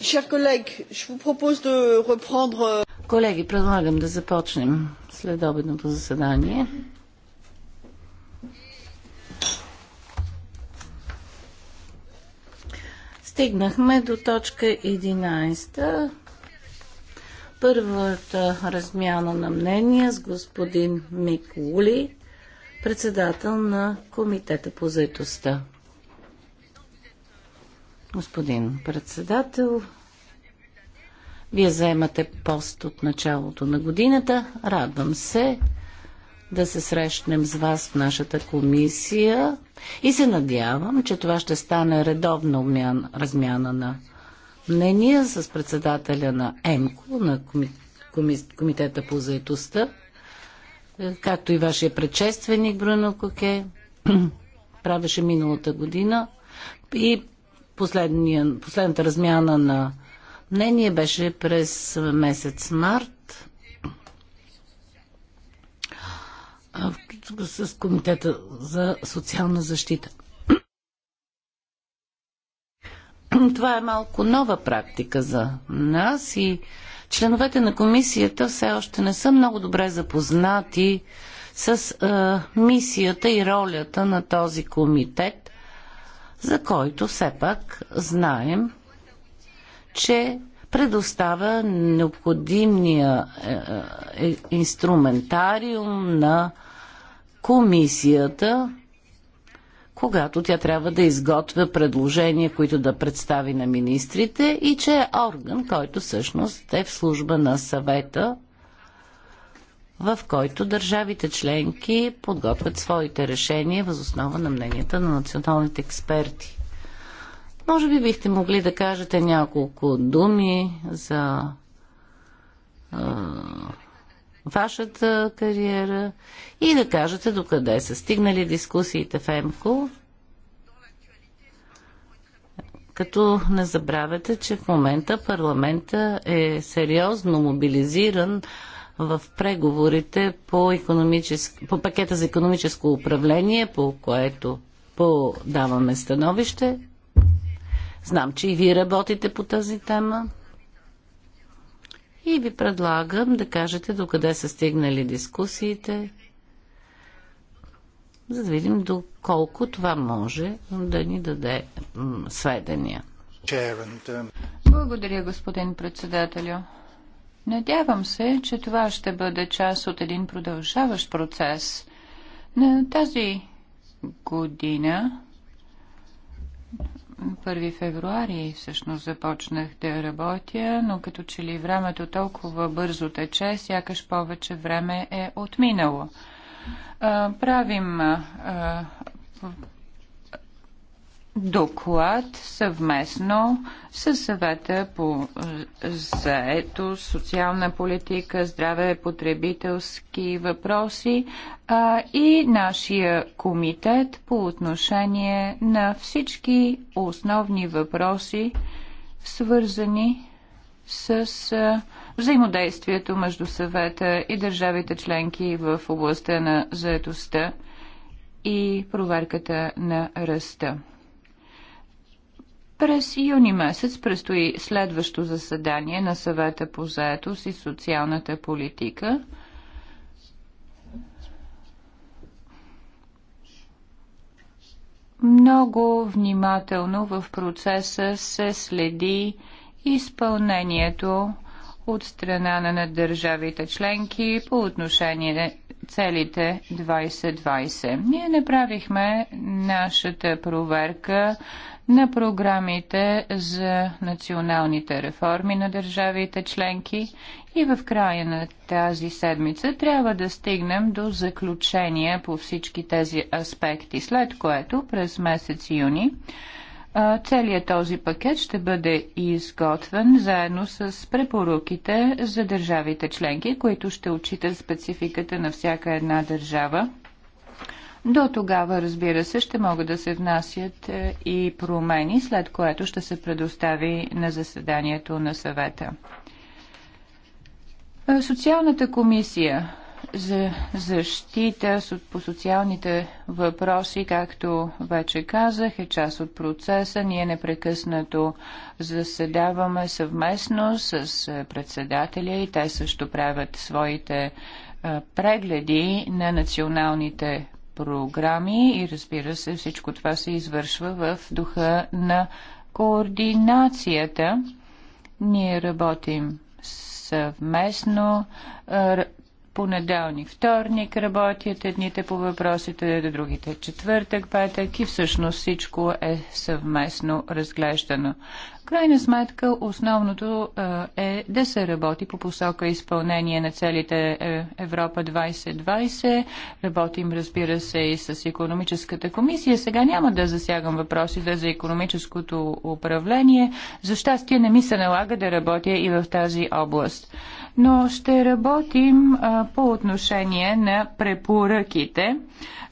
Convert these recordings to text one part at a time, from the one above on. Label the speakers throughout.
Speaker 1: Euh, Колеги, предлагам да започнем след обедното заседание. Стигнахме до точка 11. Първата размяна на мнения с господин Мик Ули, председател на Комитета по заедостта. Господин председател, вие заемате пост от началото на годината. Радвам се да се срещнем с вас в нашата комисия и се надявам, че това ще стане редовна обмян, размяна на мнения с председателя на ЕМКО, на Комитета по заедостта, както и вашия предшественик Бруно Коке правеше миналата година и последната размяна на мнение беше през месец март с Комитета за социална защита. Това е малко нова практика за нас и членовете на комисията все още не са много добре запознати с а, мисията и ролята на този комитет за който все пак знаем, че предоставя необходимия е, е, инструментариум на комисията, когато тя трябва да изготвя предложения, които да представи на министрите и че е орган, който всъщност е в служба на съвета в който държавите членки подготвят своите решения възоснова на мненията на националните експерти. Може би бихте могли да кажете няколко думи за а, вашата кариера и да кажете докъде са стигнали дискусиите в ЕМКО, като не забравяте, че в момента парламента е сериозно мобилизиран в преговорите по, по пакета за економическо управление, по което подаваме становище. Знам, че и вие работите по тази тема. И ви предлагам да кажете до къде са стигнали дискусиите, за да видим доколко това може да ни даде сведения.
Speaker 2: Um, Благодаря, господин председателю. Надявам се, че това ще бъде част от един продължаващ процес. На тази година, 1 февруари всъщност започнах да работя, но като че ли времето толкова бързо тече, сякаш повече време е отминало. правим доклад съвместно с съвета по е, заето, социална политика, здраве, потребителски въпроси а, и нашия комитет по отношение на всички основни въпроси, свързани с е, взаимодействието между съвета и държавите членки в областта на заетостта и проверката на ръста. През юни месец предстои следващо заседание на съвета по заетост и социалната политика. Много внимателно в процеса се следи изпълнението от страна на държавите членки по отношение на целите 2020. Ние направихме нашата проверка на програмите за националните реформи на държавите членки и в края на тази седмица трябва да стигнем до заключения по всички тези аспекти, след което през месец юни Целият този пакет ще бъде изготвен заедно с препоръките за държавите членки, които ще отчитат спецификата на всяка една държава до тогава, разбира се, ще могат да се внасят е, и промени, след което ще се предостави на заседанието на съвета. Е, социалната комисия за защита по социалните въпроси, както вече казах, е част от процеса. Ние непрекъснато заседаваме съвместно с е, председателя и те също правят своите прегледи на националните програми и разбира се всичко това се извършва в духа на координацията. Ние работим съвместно. Понеделник, вторник работят едните по въпросите, другите четвъртък, петък и всъщност всичко е съвместно разглеждано крайна сметка основното е, е да се работи по посока изпълнение на целите е, Европа 2020. Работим, разбира се, и с економическата комисия. Сега няма да засягам въпросите за економическото управление. За щастие не ми се налага да работя и в тази област. Но ще работим по отношение на препоръките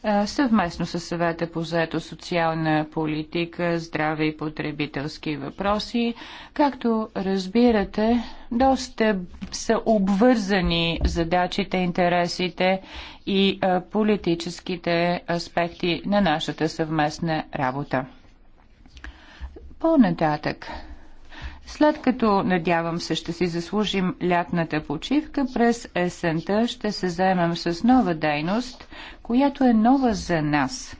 Speaker 2: е, съвместно с съвета по заето социална политика, здраве и потребителски въпроси. Както разбирате, доста са обвързани задачите, интересите и е, политическите аспекти на нашата съвместна работа. По-нататък, след като, надявам се, ще си заслужим лятната почивка, през есента ще се заемем с нова дейност, която е нова за нас.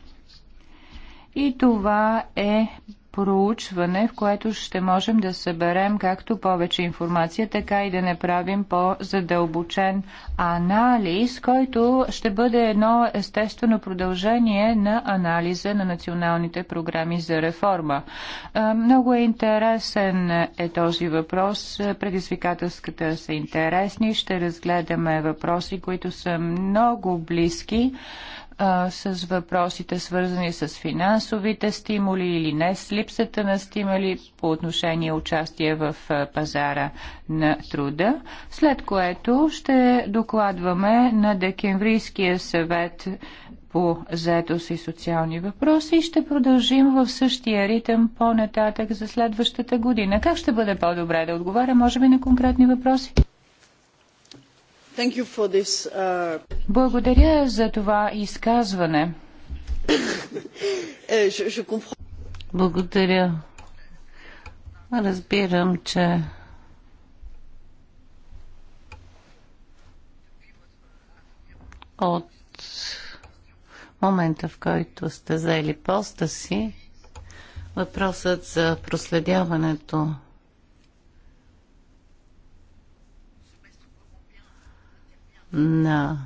Speaker 2: И това е проучване, в което ще можем да съберем както повече информация, така и да направим по-задълбочен анализ, който ще бъде едно естествено продължение на анализа на националните програми за реформа. Много е интересен е този въпрос. Предизвикателската са интересни. Ще разгледаме въпроси, които са много близки а, с въпросите свързани с финансовите стимули или не, с липсата на стимули по отношение участие в а, пазара на труда, след което ще докладваме на Декемврийския съвет по заетост и социални въпроси и ще продължим в същия ритъм по-нататък за следващата година. Как ще бъде по-добре да отговаря, може би, на конкретни въпроси? Uh, Благодаря за това изказване. Е, Благодаря.
Speaker 1: Разбирам, че от момента, в който сте заели поста си, въпросът за проследяването на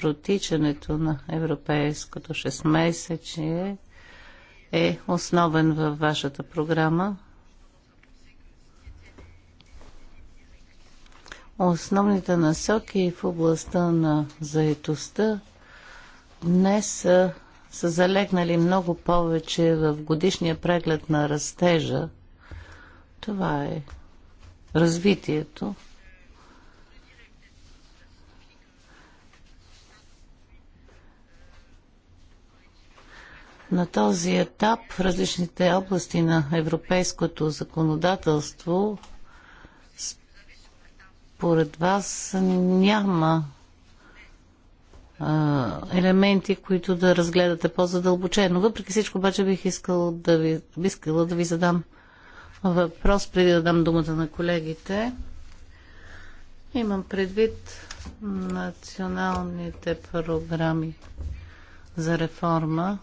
Speaker 1: протичането на европейското месечие е основен във вашата програма. Основните насоки в областта на заетостта днес са, са залегнали много повече в годишния преглед на растежа. Това е развитието. На този етап в различните области на европейското законодателство според вас няма елементи, които да разгледате по-задълбочено. Въпреки всичко, обаче, бих искала да ви, искала да ви задам въпрос, преди да дам думата на колегите. Имам предвид националните програми за реформа.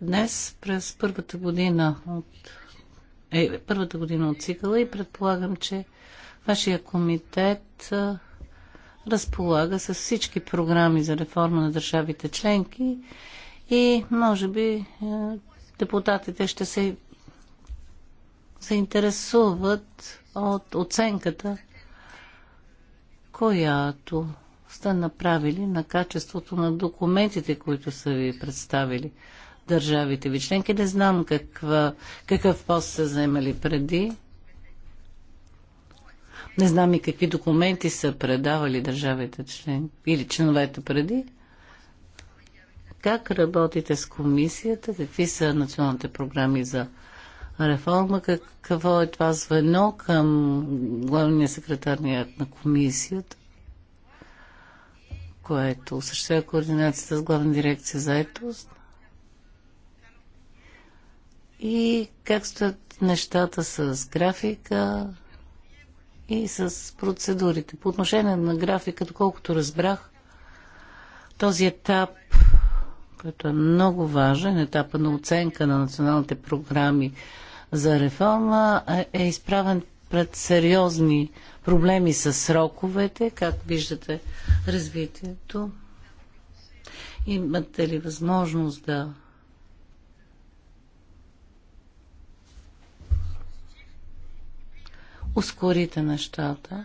Speaker 1: Днес, през първата година от, е, първата година от цикъла и предполагам, че вашия комитет а, разполага с всички програми за реформа на държавите членки и може би а, депутатите ще се заинтересуват от оценката, която сте направили на качеството на документите, които са ви представили държавите ви членки. Не знам каква, какъв пост са вземали преди. Не знам и какви документи са предавали държавите член или членовете преди. Как работите с комисията? Какви са националните програми за реформа? Какво е това звено към главния секретарният на комисията? което осъществява координацията с главна дирекция за етост и как стоят нещата с графика и с процедурите. По отношение на графика, доколкото разбрах, този етап, който е много важен, етапа на оценка на националните програми за реформа, е, е изправен пред сериозни проблеми с сроковете, как виждате развитието. Имате ли възможност да ускорите нещата?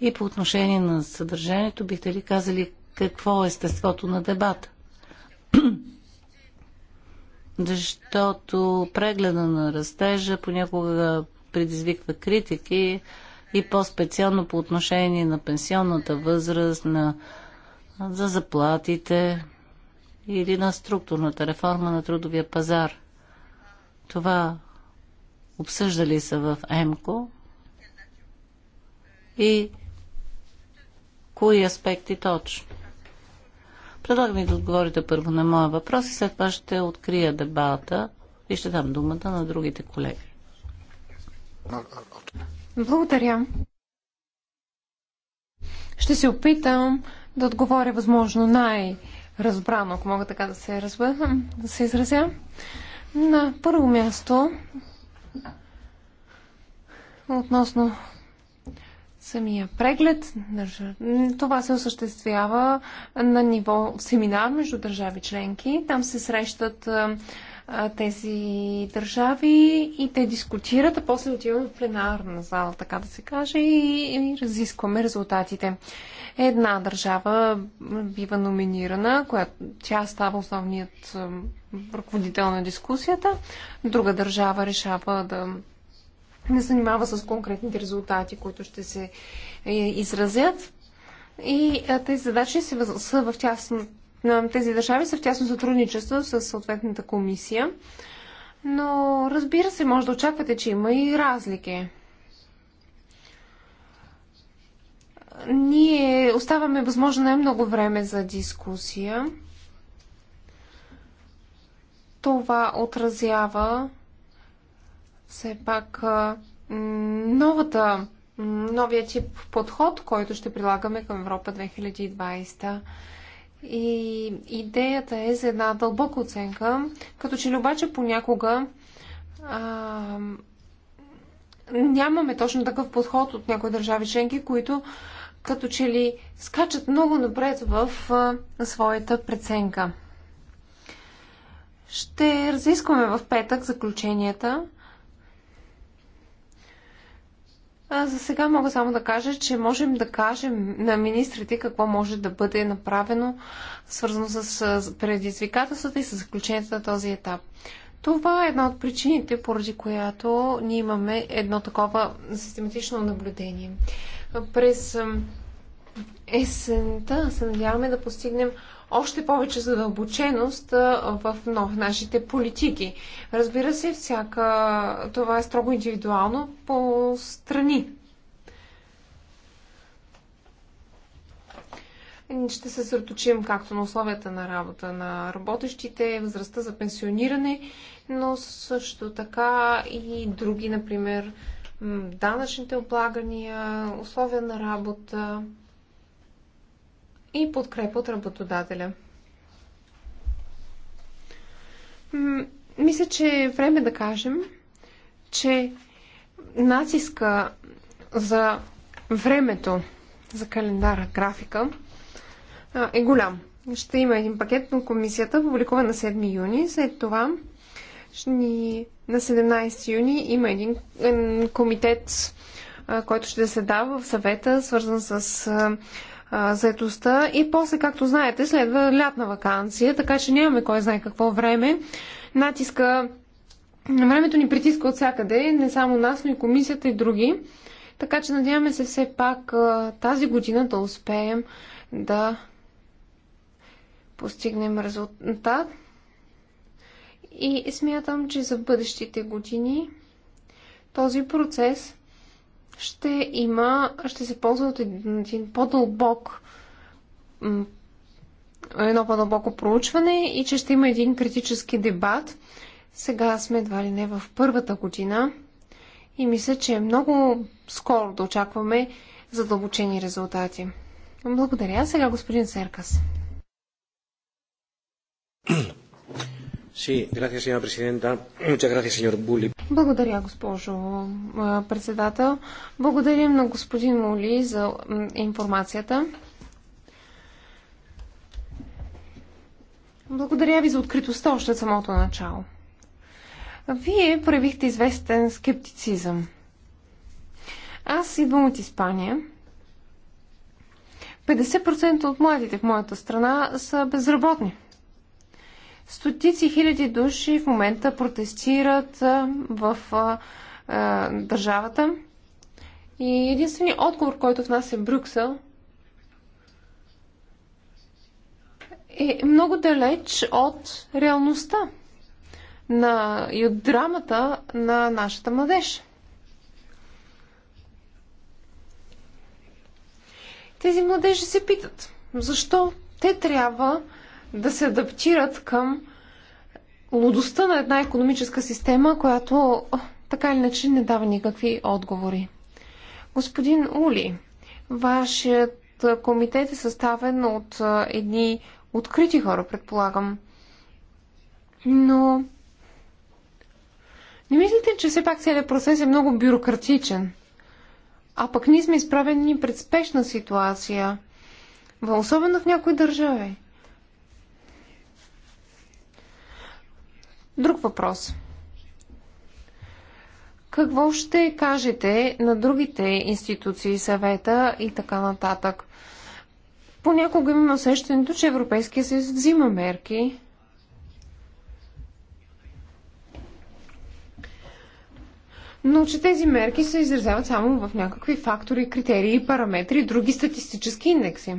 Speaker 1: И по отношение на съдържанието, бихте ли казали какво е естеството на дебата? Защото прегледа на растежа понякога предизвиква критики и по-специално по отношение на пенсионната възраст, на, за заплатите или на структурната реформа на трудовия пазар. Това Обсъждали са в ЕМКО и кои аспекти точно. Предлагам ви да отговорите първо на моя въпрос и след това ще открия дебата и ще дам думата на другите колеги.
Speaker 3: Благодаря. Ще се опитам да отговоря възможно най-разбрано, ако мога така да се, разбър... да се изразя. На първо място Относно самия преглед, това се осъществява на ниво семинар между държави членки. Там се срещат тези държави и те дискутират, а после отиваме в пленарна зала, така да се каже, и, и разискваме резултатите. Една държава бива номинирана, която тя става основният ръководител на дискусията, друга държава решава да не занимава с конкретните резултати, които ще се е, изразят. И е, тези задачи са в тясно, тези държави са в тясно сътрудничество с съответната комисия. Но разбира се, може да очаквате, че има и разлики. Ние оставаме възможно най-много време за дискусия. Това отразява все пак новата, новия тип подход, който ще прилагаме към Европа 2020. И идеята е за една дълбока оценка, като че ли обаче понякога а, нямаме точно такъв подход от някои държави членки, които като че ли скачат много напред в а, своята преценка. Ще разискваме в петък заключенията А за сега мога само да кажа, че можем да кажем на министрите какво може да бъде направено, свързано с предизвикателствата и с заключението на този етап. Това е една от причините, поради която ние имаме едно такова систематично наблюдение. През есента се надяваме да постигнем още повече задълбоченост в нашите политики. Разбира се, всяка... това е строго индивидуално по страни. Ще се съсредоточим както на условията на работа на работещите, възрастта за пенсиониране, но също така и други, например, данъчните облагания, условия на работа, и подкрепа от работодателя. Мисля, че е време да кажем, че натиска за времето, за календара, графика е голям. Ще има един пакет на комисията, публикуван на 7 юни. След това ни, на 17 юни има един комитет, който ще се дава в съвета, свързан с заедостта и после, както знаете, следва лятна вакансия, така че нямаме кой знае какво време. Натиска Времето ни притиска от всякъде, не само нас, но и комисията и други. Така че надяваме се все пак тази година да успеем да постигнем резултат. И смятам, че за бъдещите години този процес ще има, ще се ползва от един по-дълбок едно по-дълбоко проучване и че ще има един критически дебат. Сега сме едва ли не в първата година и мисля, че е много скоро да очакваме задълбочени резултати. Благодаря. Сега господин Серкас. Благодаря, госпожо председател. Благодарим на господин Моли за информацията. Благодаря ви за откритостта още от самото начало. Вие проявихте известен скептицизъм. Аз идвам от Испания. 50% от младите в моята страна са безработни. Стотици хиляди души в момента протестират в държавата. И единственият отговор, който в нас е Брюксел, е много далеч от реалността на, и от драмата на нашата младеж. Тези младежи се питат, защо те трябва да се адаптират към лудостта на една економическа система, която така или иначе не дава никакви отговори. Господин Ули, вашият комитет е съставен от едни открити хора, предполагам. Но не мислите, че все пак целият процес е много бюрократичен? А пък ние сме изправени пред спешна ситуация, особено в някои държави. Друг въпрос. Какво ще кажете на другите институции, съвета и така нататък? Понякога имаме усещането, че Европейския съюз взима мерки. Но че тези мерки се изразяват само в някакви фактори, критерии, параметри и други статистически индекси.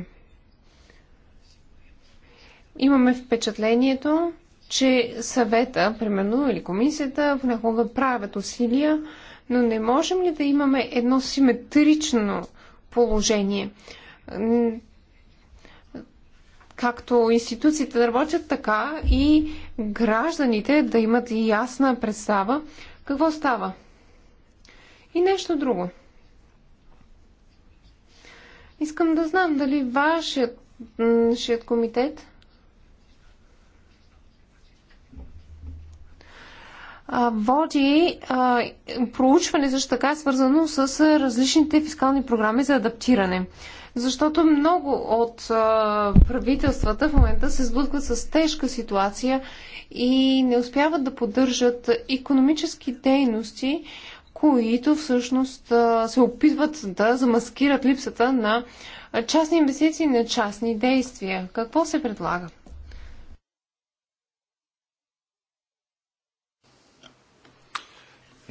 Speaker 3: Имаме впечатлението, че съвета, примерно, или комисията понякога правят усилия, но не можем ли да имаме едно симетрично положение? Както институциите да работят така и гражданите да имат и ясна представа какво става. И нещо друго. Искам да знам дали вашият, вашият комитет води проучване също така свързано с различните фискални програми за адаптиране. Защото много от правителствата в момента се сблъскват с тежка ситуация и не успяват да поддържат економически дейности, които всъщност се опитват да замаскират липсата на частни инвестиции, на частни действия. Какво се предлага?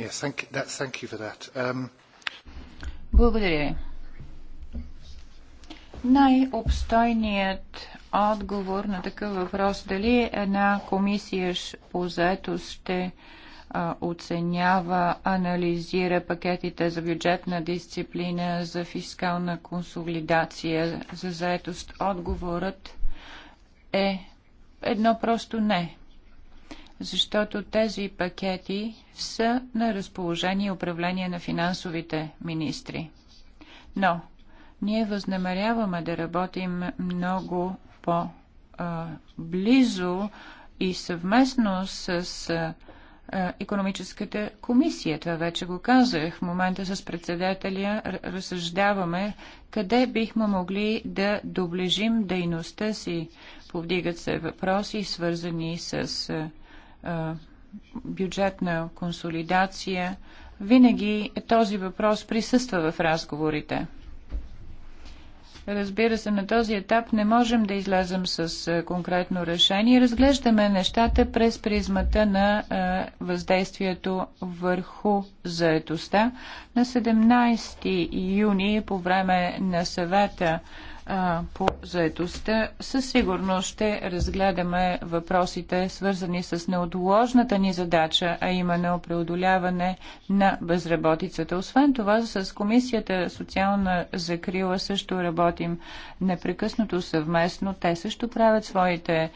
Speaker 2: Yes, thank, that, thank you for that. Um... Благодаря ви. Най-обстойният отговор на такъв въпрос, дали една комисия по заетост ще а, оценява, анализира пакетите за бюджетна дисциплина, за фискална консолидация, за заетост, отговорът е едно просто не защото тези пакети са на разположение и управление на финансовите министри. Но ние възнамеряваме да работим много по-близо и съвместно с економическата комисия. Това вече го казах. В момента с председателя разсъждаваме къде бихме могли да доближим дейността си. Повдигат се въпроси, свързани с бюджетна консолидация, винаги този въпрос присъства в разговорите. Разбира се, на този етап не можем да излезем с конкретно решение. Разглеждаме нещата през призмата на въздействието върху заетостта. На 17 юни по време на съвета по заедостта, със сигурност ще разгледаме въпросите, свързани с неотложната ни задача, а именно преодоляване на безработицата. Освен това, с Комисията социална закрила също работим непрекъснато съвместно. Те също правят своите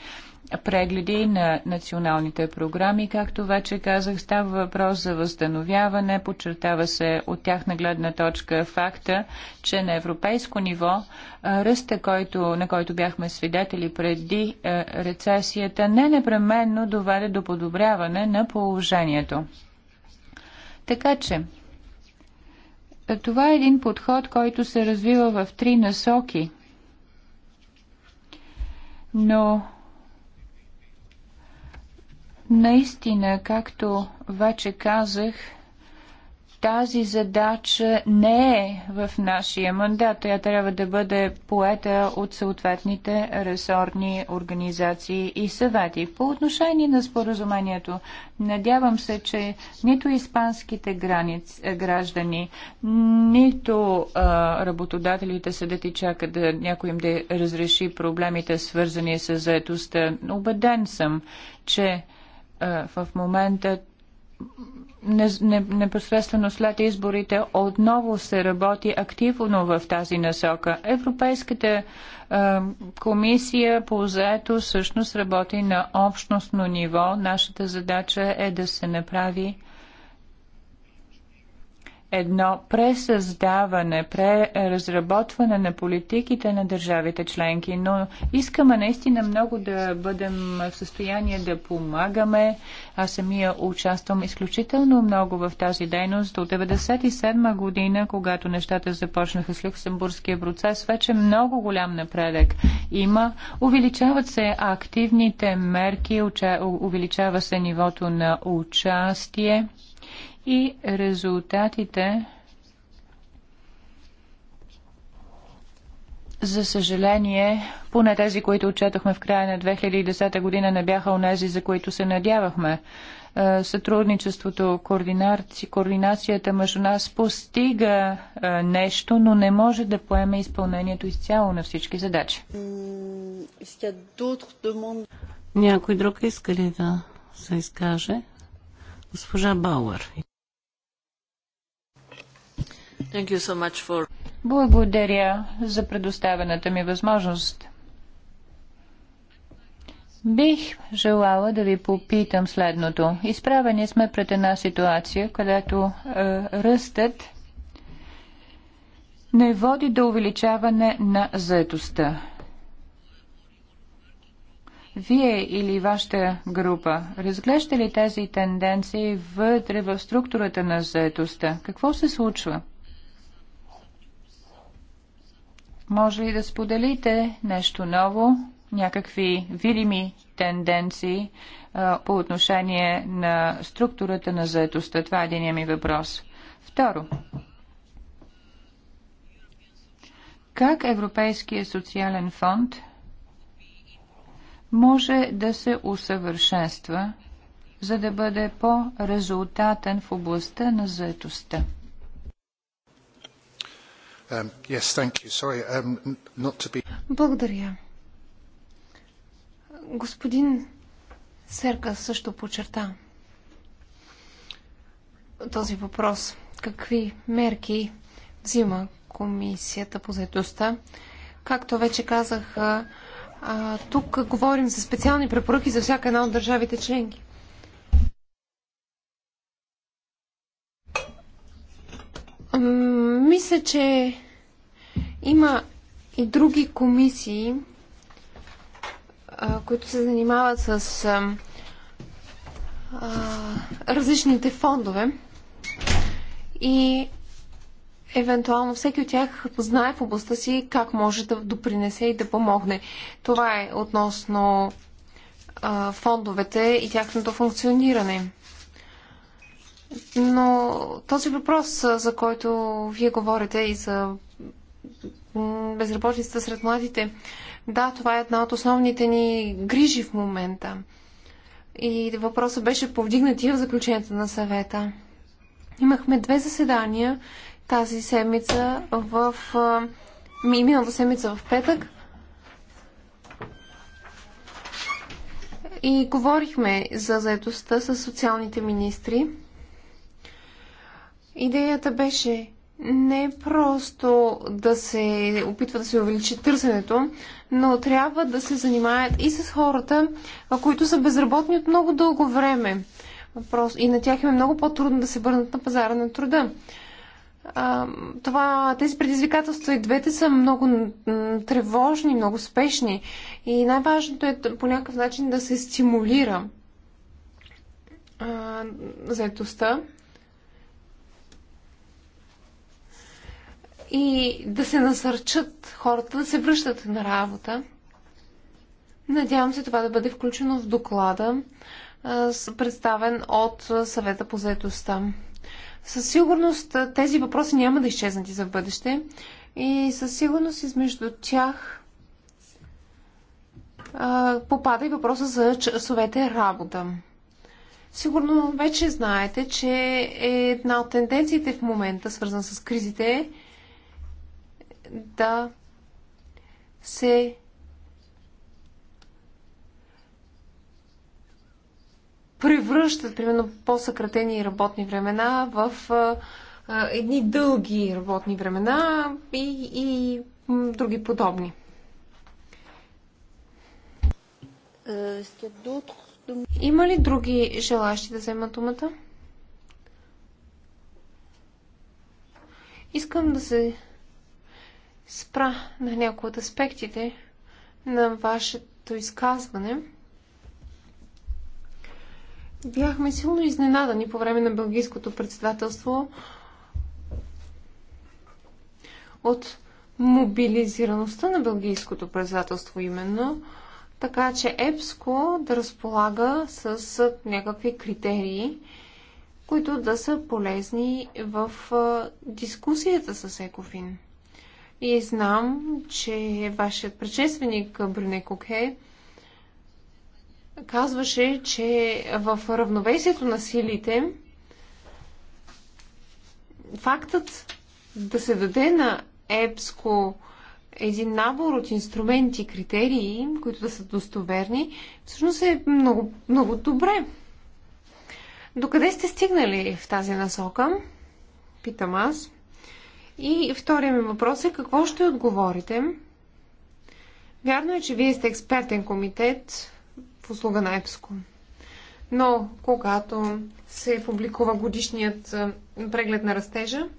Speaker 2: прегледи на националните програми. Както вече казах, става въпрос за възстановяване. Подчертава се от тях на гледна точка факта, че на европейско ниво ръста, който, на който бяхме свидетели преди рецесията, не непременно доведе до подобряване на положението. Така че, това е един подход, който се развива в три насоки. Но Наистина, както вече казах, тази задача не е в нашия мандат. Тя трябва да бъде поета от съответните ресорни организации и съвети. По отношение на споразумението, надявам се, че нито испанските границ, е, граждани, нито а, работодателите седят и чакат да някой им да разреши проблемите, свързани с заетостта. Обеден съм, че е, в момента непосредствено след изборите отново се работи активно в тази насока. Европейската е, комисия по заето всъщност работи на общностно ниво. Нашата задача е да се направи едно пресъздаване, преразработване на политиките на държавите членки, но искаме наистина много да бъдем в състояние да помагаме. Аз самия участвам изключително много в тази дейност. От 1997 година, когато нещата започнаха с Люксембургския процес, вече много голям напредък има. Увеличават се активните мерки, увеличава се нивото на участие и резултатите За съжаление, поне тези, които отчетохме в края на 2010 година, не бяха онези, за които се надявахме. Е, сътрудничеството, координацията между нас постига е, нещо, но не може да поеме изпълнението изцяло на всички задачи. Някой друг иска ли да се изкаже? Госпожа Бауър.
Speaker 1: Thank you so much for...
Speaker 2: Благодаря за предоставената ми възможност. Бих желала да ви попитам следното. Изправени сме пред една ситуация, където е, ръстът не води до увеличаване на заетостта. Вие или вашата група разглеждате ли тези тенденции вътре в структурата на заетостта? Какво се случва? Може ли да споделите нещо ново, някакви видими тенденции а, по отношение на структурата на заетостта? Това е единия ми въпрос. Второ, как Европейския социален фонд може да се усъвършенства, за да бъде по-резултатен в областта на заетостта? Um, yes, thank you. Sorry, um, not to be... Благодаря.
Speaker 3: Господин Серка също подчерта този въпрос. Какви мерки взима комисията по заедостта? Както вече казах, тук говорим за специални препоръки за всяка една от държавите членки. Мисля, че има и други комисии, които се занимават с различните фондове и евентуално всеки от тях знае в областта си как може да допринесе и да помогне. Това е относно а, фондовете и тяхното функциониране. Но този въпрос, за който вие говорите и за безработицата сред младите, да, това е една от основните ни грижи в момента. И въпросът беше повдигнат и в заключението на съвета. Имахме две заседания тази седмица в... Ми, миналата седмица в петък. И говорихме за заедостта с социалните министри. Идеята беше не просто да се опитва да се увеличи търсенето, но трябва да се занимаят и с хората, които са безработни от много дълго време. И на тях им е много по-трудно да се върнат на пазара на труда. Това, тези предизвикателства и двете са много тревожни, много спешни. И най-важното е по някакъв начин да се стимулира заедостта и да се насърчат хората да се връщат на работа. Надявам се това да бъде включено в доклада, представен от съвета по заедостта. Със сигурност тези въпроси няма да изчезнат и за бъдеще и със сигурност измежду тях попада и въпроса за часовете работа. Сигурно вече знаете, че една от тенденциите в момента, свързан с кризите, е да се превръщат, примерно, по-съкратени работни времена в а, едни дълги работни времена и, и други подобни. Има ли други желащи да вземат думата? Искам да се спра на някои от аспектите на вашето изказване. Бяхме силно изненадани по време на бългийското председателство от мобилизираността на бългийското председателство именно, така че ЕПСКО да разполага с някакви критерии, които да са полезни в дискусията с Екофин. И знам, че вашият предшественик Брюне Коке казваше, че в равновесието на силите фактът да се даде на ЕПСКО един набор от инструменти, критерии, които да са достоверни, всъщност е много, много добре. Докъде сте стигнали в тази насока? Питам аз. И втория ми въпрос е какво ще отговорите? Вярно е, че вие сте експертен комитет в услуга на ЕПСКО. Но когато се публикува годишният преглед на растежа,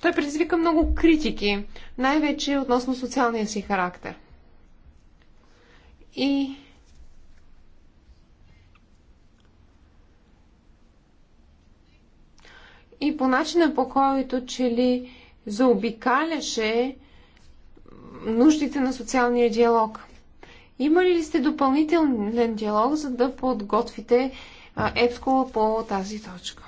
Speaker 3: той предизвика много критики, най-вече относно социалния си характер. И и по начина по който че ли заобикаляше нуждите на социалния диалог. Има ли сте допълнителен диалог, за да подготвите ЕПСКО по тази точка?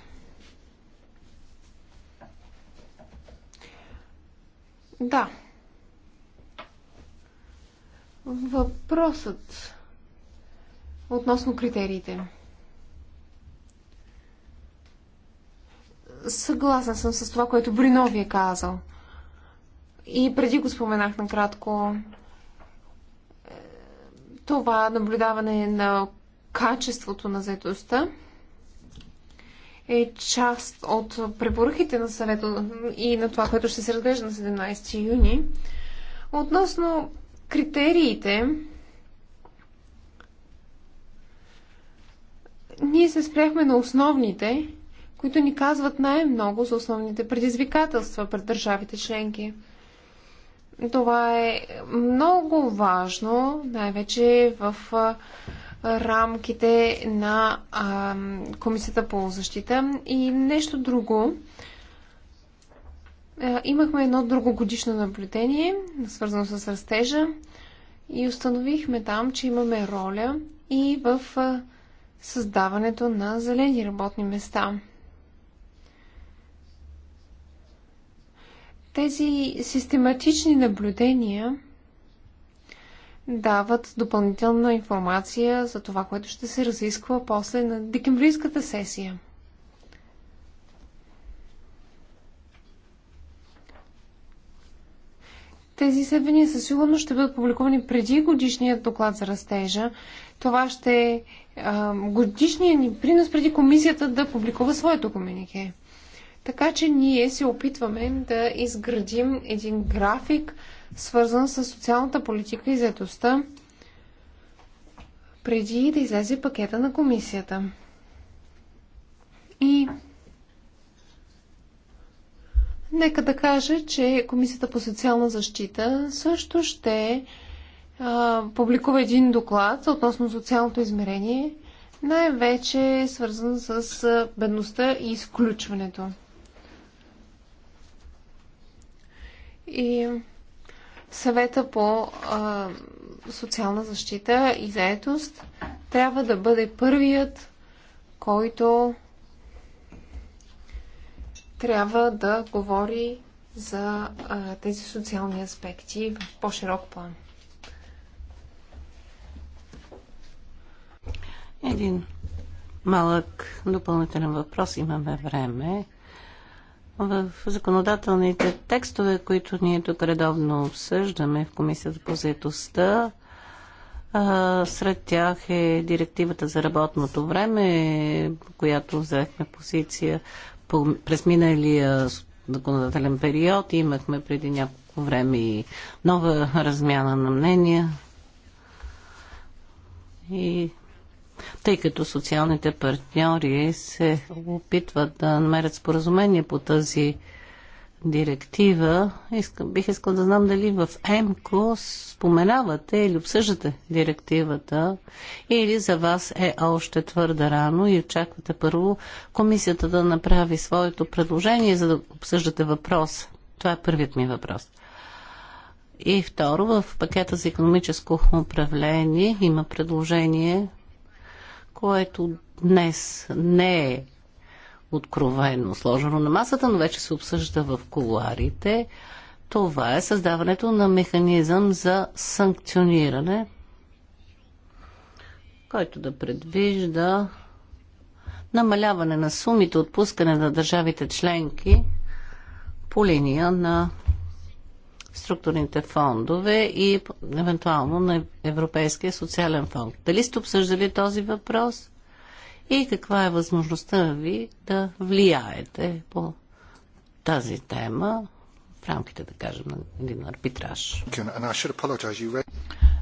Speaker 3: Да. Въпросът относно критериите. съгласна съм с това, което Брино ви е казал. И преди го споменах накратко. Това наблюдаване на качеството на заедостта е част от препоръките на съвета и на това, което ще се разглежда на 17 юни. Относно критериите, ние се спряхме на основните, които ни казват най-много за основните предизвикателства пред държавите членки. Това е много важно, най-вече в рамките на Комисията по защита. И нещо друго. Имахме едно друго годишно наблюдение, свързано с растежа, и установихме там, че имаме роля и в създаването на зелени работни места – Тези систематични наблюдения дават допълнителна информация за това, което ще се разисква после на декемврийската сесия. Тези изследвания със сигурност ще бъдат публикувани преди годишният доклад за растежа. Това ще е годишният ни принос преди комисията да публикува своето комюнике. Така че ние се опитваме да изградим един график, свързан с социалната политика и заедостта, преди да излезе пакета на комисията. И нека да кажа, че Комисията по социална защита също ще а, публикува един доклад относно социалното измерение, най-вече свързан с бедността и изключването. и съвета по а, социална защита и заетост трябва да бъде първият, който трябва да говори за а, тези социални аспекти в по-широк план.
Speaker 1: Един малък допълнителен въпрос. Имаме време в законодателните текстове, които ние тук редовно обсъждаме в Комисията по заедостта, сред тях е директивата за работното време, която взехме позиция през миналия законодателен период. Имахме преди няколко време и нова размяна на мнения. И тъй като социалните партньори се опитват да намерят споразумение по тази директива. Искам, бих искал да знам дали в ЕМКО споменавате или обсъждате директивата или за вас е още твърде рано и очаквате първо комисията да направи своето предложение, за да обсъждате въпрос. Това е първият ми въпрос. И второ, в пакета за економическо управление има предложение което днес не е откровено сложено на масата, но вече се обсъжда в коларите. Това е създаването на механизъм за санкциониране, който да предвижда намаляване на сумите отпускане на държавите членки по линия на структурните фондове и евентуално на Европейския социален фонд. Дали сте обсъждали този въпрос и каква е възможността ви да влияете по тази тема в рамките, да кажем, на един арбитраж?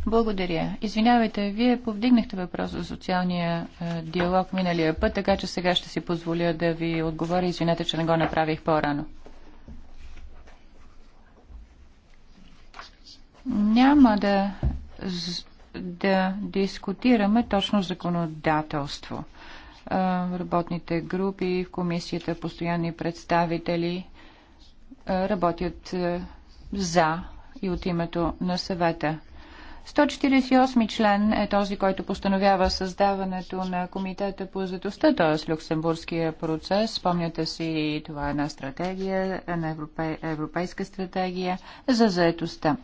Speaker 2: Благодаря. Извинявайте, вие повдигнахте въпрос за социалния е, диалог миналия път, така че сега ще си позволя да ви отговоря. Извинете, че не го направих по-рано. Няма да, да дискутираме точно законодателство. Работните групи в комисията, постоянни представители работят за и от името на съвета. 148 член е този, който постановява създаването на комитета по заедостта, т.е. люксембургския процес. Спомняте си, това е една стратегия, една европейска стратегия за заедостта.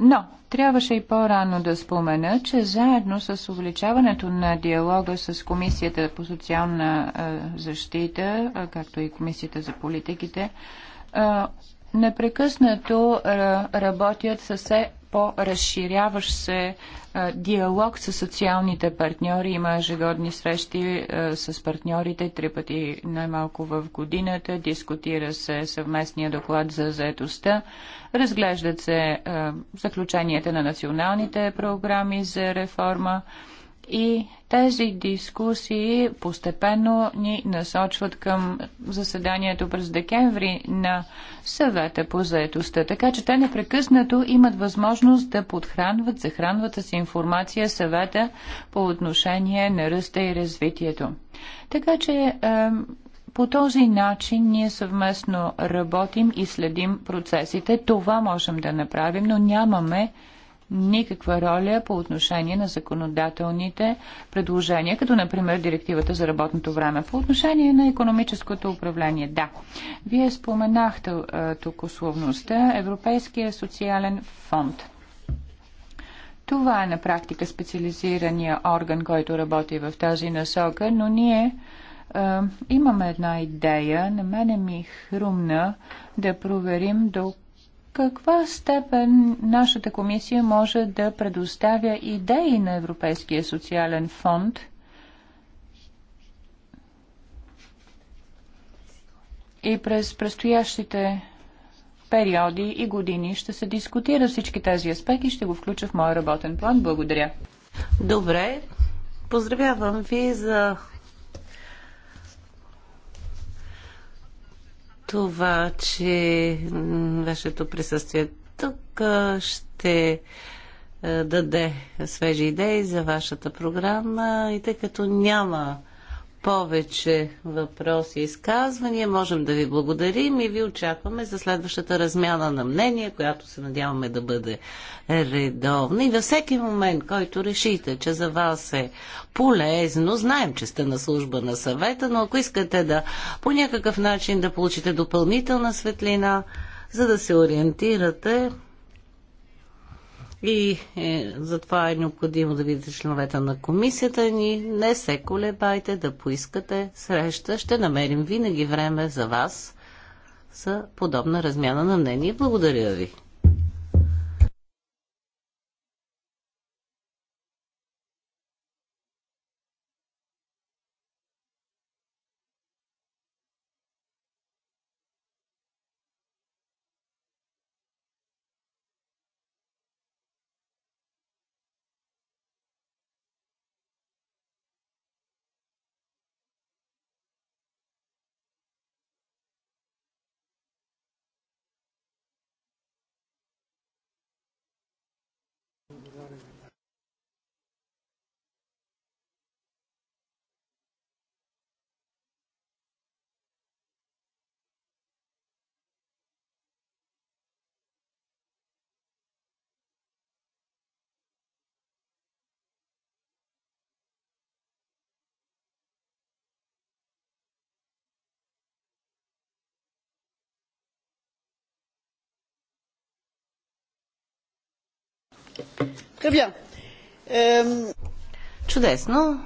Speaker 2: Но трябваше и по-рано да спомена, че заедно с увеличаването на диалога с Комисията по социална защита, както и Комисията за политиките, непрекъснато работят с все по-разширяващ се е, диалог с социалните партньори. Има ежегодни срещи е, с партньорите, три пъти най-малко в годината. Дискутира се съвместния доклад за заетостта. Разглеждат се е, заключенията на националните програми за реформа. И тези дискусии постепенно ни насочват към заседанието през декември на съвета по заетостта. Така че те непрекъснато имат възможност да подхранват, захранват с информация съвета по отношение на ръста и развитието. Така че е, по този начин ние съвместно работим и следим процесите. Това можем да направим, но нямаме никаква роля по отношение на законодателните предложения, като например директивата за работното време. По отношение на економическото управление, да. Вие споменахте тук условността Европейския социален фонд. Това е на практика специализирания орган, който работи в тази насока, но ние имаме една идея. На мене ми е хрумна да проверим до каква степен нашата комисия може да предоставя идеи на Европейския социален фонд и през предстоящите периоди и години ще се дискутира всички тези аспекти и ще го включа в моя работен план. Благодаря. Добре. Поздравявам ви за
Speaker 1: това, че вашето присъствие тук ще даде свежи идеи за вашата програма и тъй като няма повече въпроси и изказвания. Можем да ви благодарим и ви очакваме за следващата размяна на мнение, която се надяваме да бъде редовна. И във всеки момент, който решите, че за вас е полезно, знаем, че сте на служба на съвета, но ако искате да по някакъв начин да получите допълнителна светлина, за да се ориентирате, и е, затова е необходимо да видите членовете на комисията ни. Не се колебайте да поискате среща. Ще намерим винаги време за вас за подобна размяна на мнение. Благодаря ви. Très bien. Euh, Чудесно.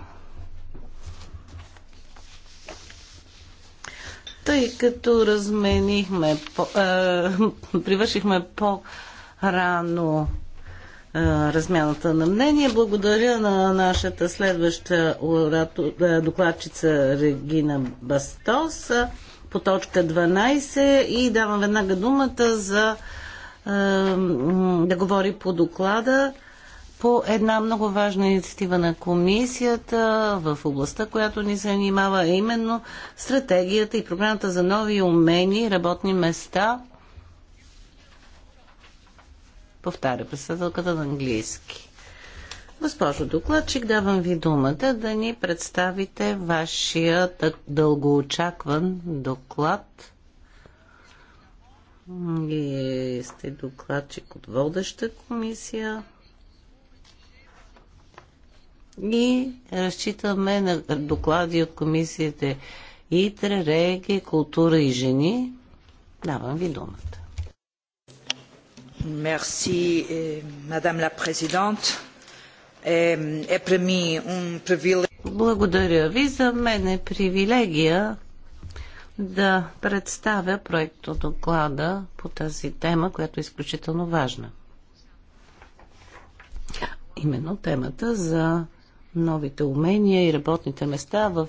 Speaker 1: Тъй като разменихме, по, е, привършихме по-рано е, размяната на мнение, благодаря на нашата следваща е, докладчица Регина Бастос по точка 12 и давам веднага думата за е, да говори по доклада по една много важна инициатива на комисията в областта, която ни занимава, а именно стратегията и програмата за нови умения и работни места. Повтаря председателката на английски. Госпожо докладчик, давам ви думата да ни представите вашия дългоочакван доклад вие сте докладчик от водеща комисия. И разчитаме на доклади от комисиите ИТРЕ, РЕГИ, Култура и Жени. Давам ви думата.
Speaker 2: Мерси, е, мадам ла президент.
Speaker 1: Е, е преми, привилегия. Благодаря ви. За мен е привилегия да представя проекто доклада по тази тема, която е изключително важна. Именно темата за новите умения и работните места в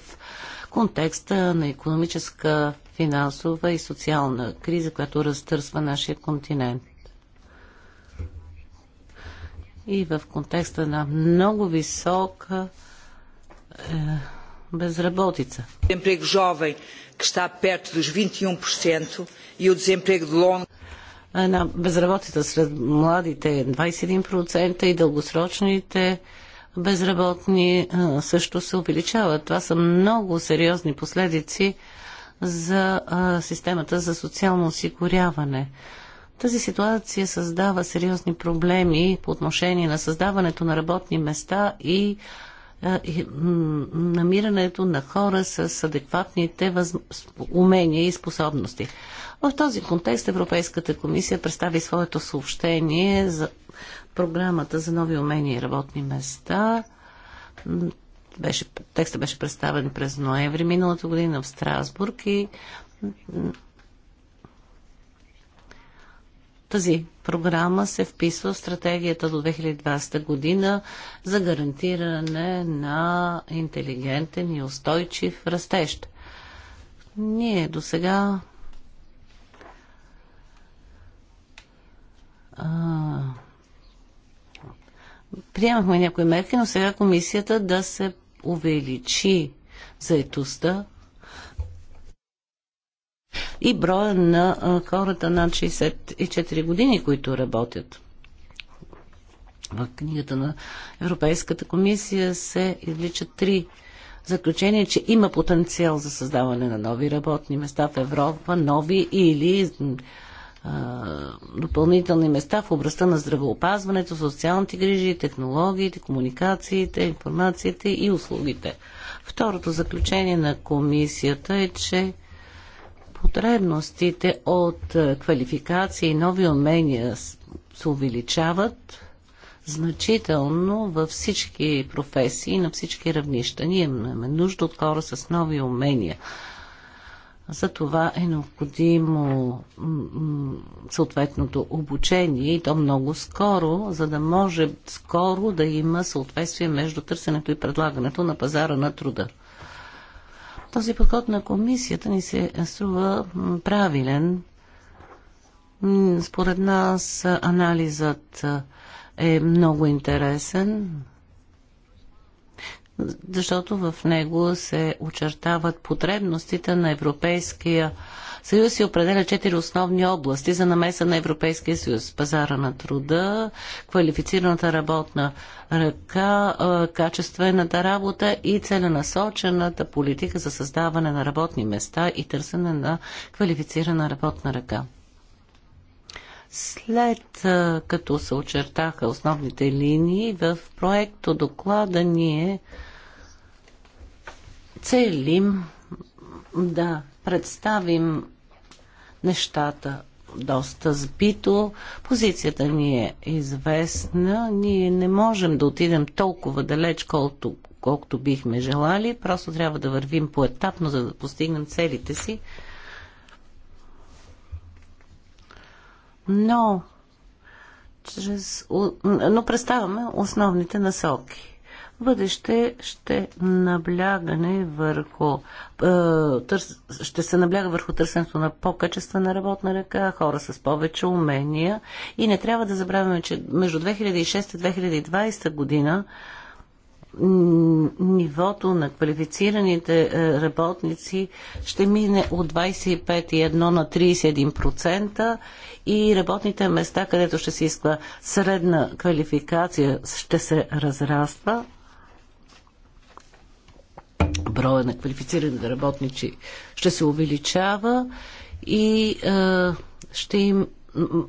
Speaker 1: контекста на економическа, финансова и социална криза, която разтърсва нашия континент. И в контекста на много висока е, безработица. и e um e на безработица сред младите е 21% и дългосрочните безработни е, също се увеличават. Това са много сериозни последици за е, системата за социално осигуряване. Тази ситуация създава сериозни проблеми по отношение на създаването на работни места и намирането на хора с адекватните умения и способности. В този контекст Европейската комисия представи своето съобщение за програмата за нови умения и работни места. Беше, текста беше представен през ноември миналата година в Страсбург и тази програма се вписва в стратегията до 2020 година за гарантиране на интелигентен и устойчив растеж. Ние до сега приемахме някои мерки, но сега комисията да се увеличи заетостта и броя на хората над 64 години, които работят. В книгата на Европейската комисия се изличат три заключения, че има потенциал за създаване на нови работни места в Европа, нови или а, допълнителни места в областта на здравеопазването, социалните грижи, технологиите, комуникациите, информацията и услугите. Второто заключение на комисията е, че Потребностите от е, квалификации и нови умения се увеличават значително във всички професии, на всички равнища. Ние имаме нужда от хора с нови умения. За това е необходимо съответното обучение и то много скоро, за да може скоро да има съответствие между търсенето и предлагането на пазара на труда. Този подход на комисията ни се струва правилен. Според нас анализът е много интересен, защото в него се очертават потребностите на Европейския съюз си определя четири основни области за намеса на Европейския съюз. Пазара на труда, квалифицираната работна ръка, качествената работа и целенасочената политика за създаване на работни места и търсене на квалифицирана работна ръка. След като се очертаха основните линии, в проекто доклада ние целим да представим нещата доста сбито. Позицията ни е известна. Ние не можем да отидем толкова далеч, колкото, колкото бихме желали. Просто трябва да вървим поетапно, за да постигнем целите си. Но, чрез, но представяме основните насоки бъдеще ще наблягане върху е, ще се набляга върху търсенето на по-качествена работна ръка, хора с повече умения и не трябва да забравяме, че между 2006 и 2020 година нивото на квалифицираните е, работници ще мине от 25,1 на 31% и работните места, където ще се иска средна квалификация, ще се разраства броя на квалифицираните работници ще се увеличава и а, е, ще им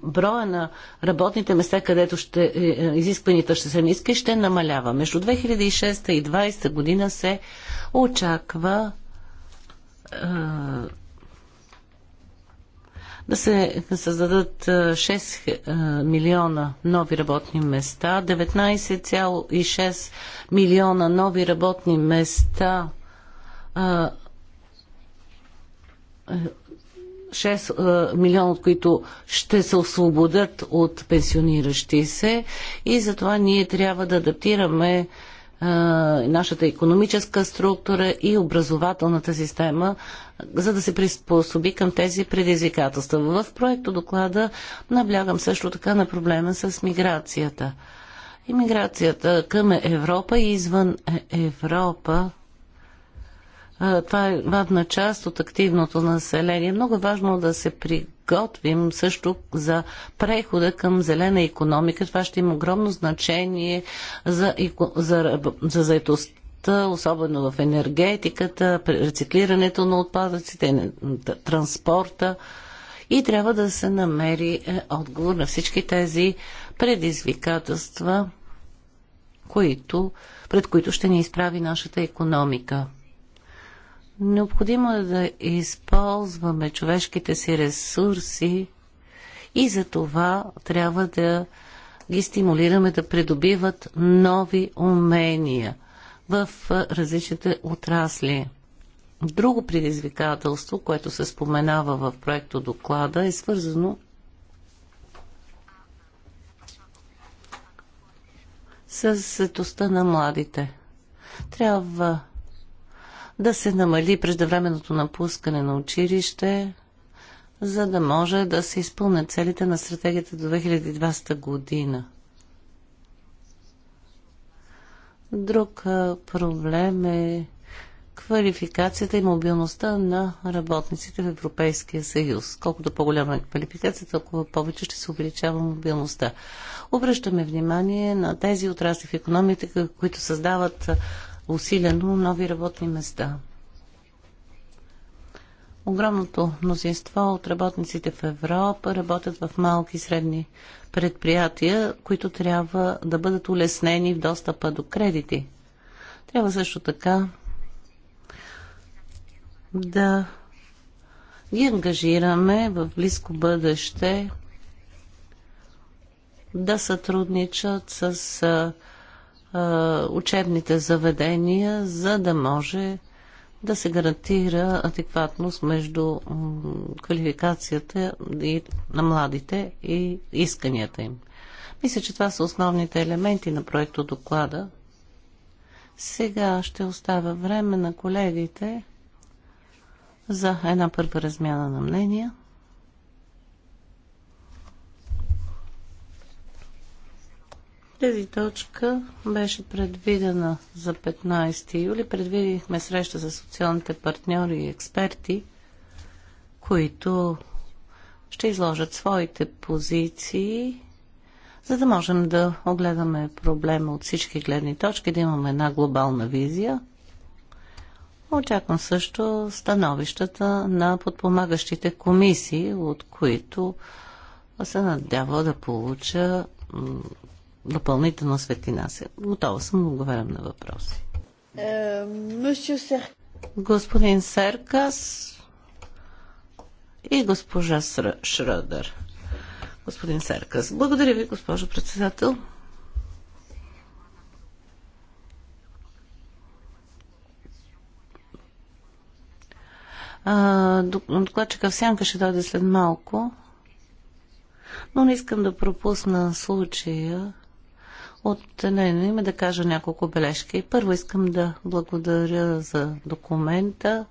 Speaker 1: броя на работните места, където ще, е, е, изискванията ще са ниски, ще намалява. Между 2006 и 2020 година се очаква а, да се създадат 6 милиона нови работни места, 19,6 милиона нови работни места 6 милиона, от които ще се освободят от пенсиониращи се и затова ние трябва да адаптираме нашата економическа структура и образователната система, за да се приспособи към тези предизвикателства. В проекто доклада наблягам също така на проблема с миграцията. Имиграцията към Европа и извън е, Европа това е важна част от активното население. Много е важно да се приготвим също за прехода към зелена економика. Това ще има огромно значение за, за, за заедост особено в енергетиката, рециклирането на отпадъците, транспорта и трябва да се намери е, отговор на всички тези предизвикателства, които, пред които ще ни изправи нашата економика. Необходимо е да използваме човешките си ресурси и за това трябва да ги стимулираме да придобиват нови умения в различните отрасли. Друго предизвикателство, което се споменава в проекто доклада, е свързано с сетостта на младите. Трябва да се намали преждевременното напускане на училище, за да може да се изпълнят целите на стратегията до 2020 година. Друг проблем е квалификацията и мобилността на работниците в Европейския съюз. Колкото по-голяма е квалификацията, толкова повече ще се увеличава мобилността. Обръщаме внимание на тези отрасли в економиката, които създават усилено нови работни места. Огромното мнозинство от работниците в Европа работят в малки и средни предприятия, които трябва да бъдат улеснени в достъпа до кредити. Трябва също така да ги ангажираме в близко бъдеще да сътрудничат с учебните заведения, за да може да се гарантира адекватност между квалификацията на младите и исканията им. Мисля, че това са основните елементи на проекто доклада. Сега ще оставя време на колегите за една първа размяна на мнения. Тази точка беше предвидена за 15 юли. Предвидихме среща за социалните партньори и експерти, които ще изложат своите позиции, за да можем да огледаме проблема от всички гледни точки, да имаме една глобална визия. Очаквам също становищата на подпомагащите комисии, от които се надява да получа допълнителна светлина. Готова съм да отговарям на въпроси. Е, Господин Серкас и госпожа Шрадър. Господин Серкас. Благодаря ви, госпожо председател. Докладчика в сянка ще дойде след малко, но не искам да пропусна случая от нейно име да кажа няколко бележки. Първо искам да благодаря за документа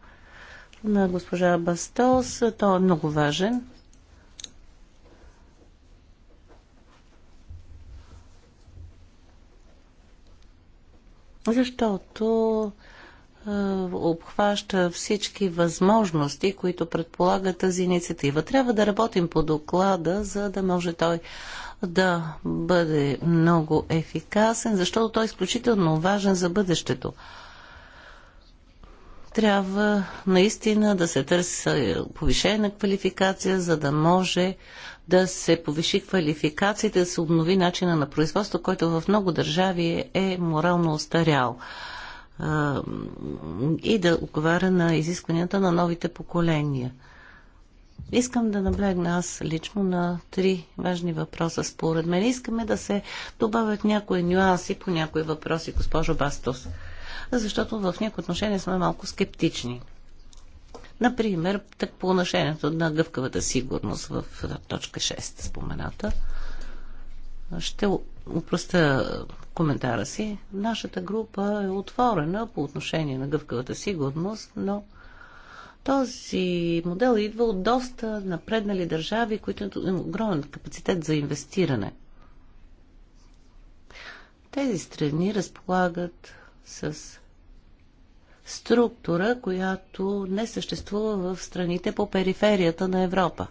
Speaker 1: на госпожа Бастос. Той е много важен. Защото обхваща всички възможности, които предполага тази инициатива. Трябва да работим по доклада, за да може той да бъде много ефикасен, защото той е изключително важен за бъдещето. Трябва наистина да се търси повишена квалификация, за да може да се повиши квалификацията, да се обнови начина на производство, който в много държави е морално остарял и да отговаря на изискванията на новите поколения. Искам да наблегна аз лично на три важни въпроса. Според мен искаме да се добавят някои нюанси по някои въпроси, госпожо Бастос, защото в някои отношения сме малко скептични. Например, так по отношението на гъвкавата сигурност в точка 6 спомената. Ще упроста коментара си. Нашата група е отворена по отношение на гъвкавата сигурност, но този модел идва от доста напреднали държави, които имат огромен капацитет за инвестиране. Тези страни разполагат с структура, която не съществува в страните по периферията на Европа.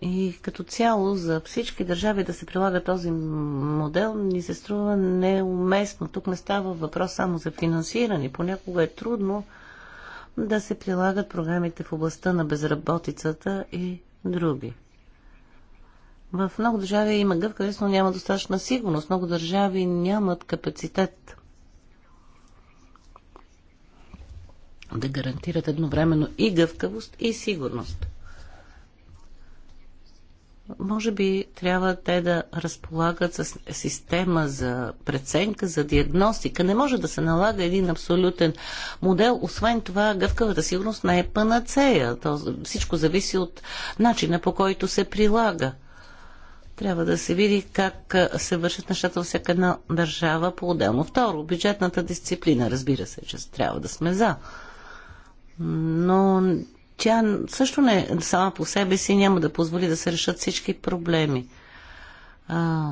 Speaker 1: И като цяло за всички държави да се прилага този модел ни се струва неуместно. Тук не става въпрос само за финансиране. Понякога е трудно да се прилагат програмите в областта на безработицата и други. В много държави има гъвкавост, но няма достатъчна сигурност. Много държави нямат капацитет да гарантират едновременно и гъвкавост, и сигурност може би трябва те да разполагат с система за преценка, за диагностика. Не може да се налага един абсолютен модел. Освен това, гъвкавата сигурност не е панацея. То всичко зависи от начина по който се прилага. Трябва да се види как се вършат нещата във всяка една държава по-отделно. Второ, бюджетната дисциплина. Разбира се, че трябва да сме за. Но тя също не сама по себе си няма да позволи да се решат всички проблеми. А,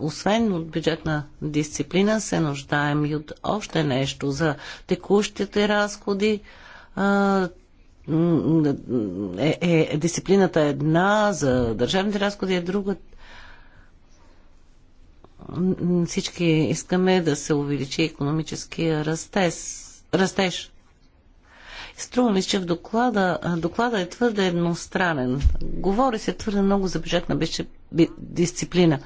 Speaker 1: освен от бюджетна дисциплина, се нуждаем и от още нещо за текущите разходи. А, е, е, дисциплината е една, за държавните разходи е друга. Всички искаме да се увеличи економическия растеж. растеж. Струва ми, че в доклада, доклада е твърде едностранен. Говори се твърде много за бюджетна дисциплина,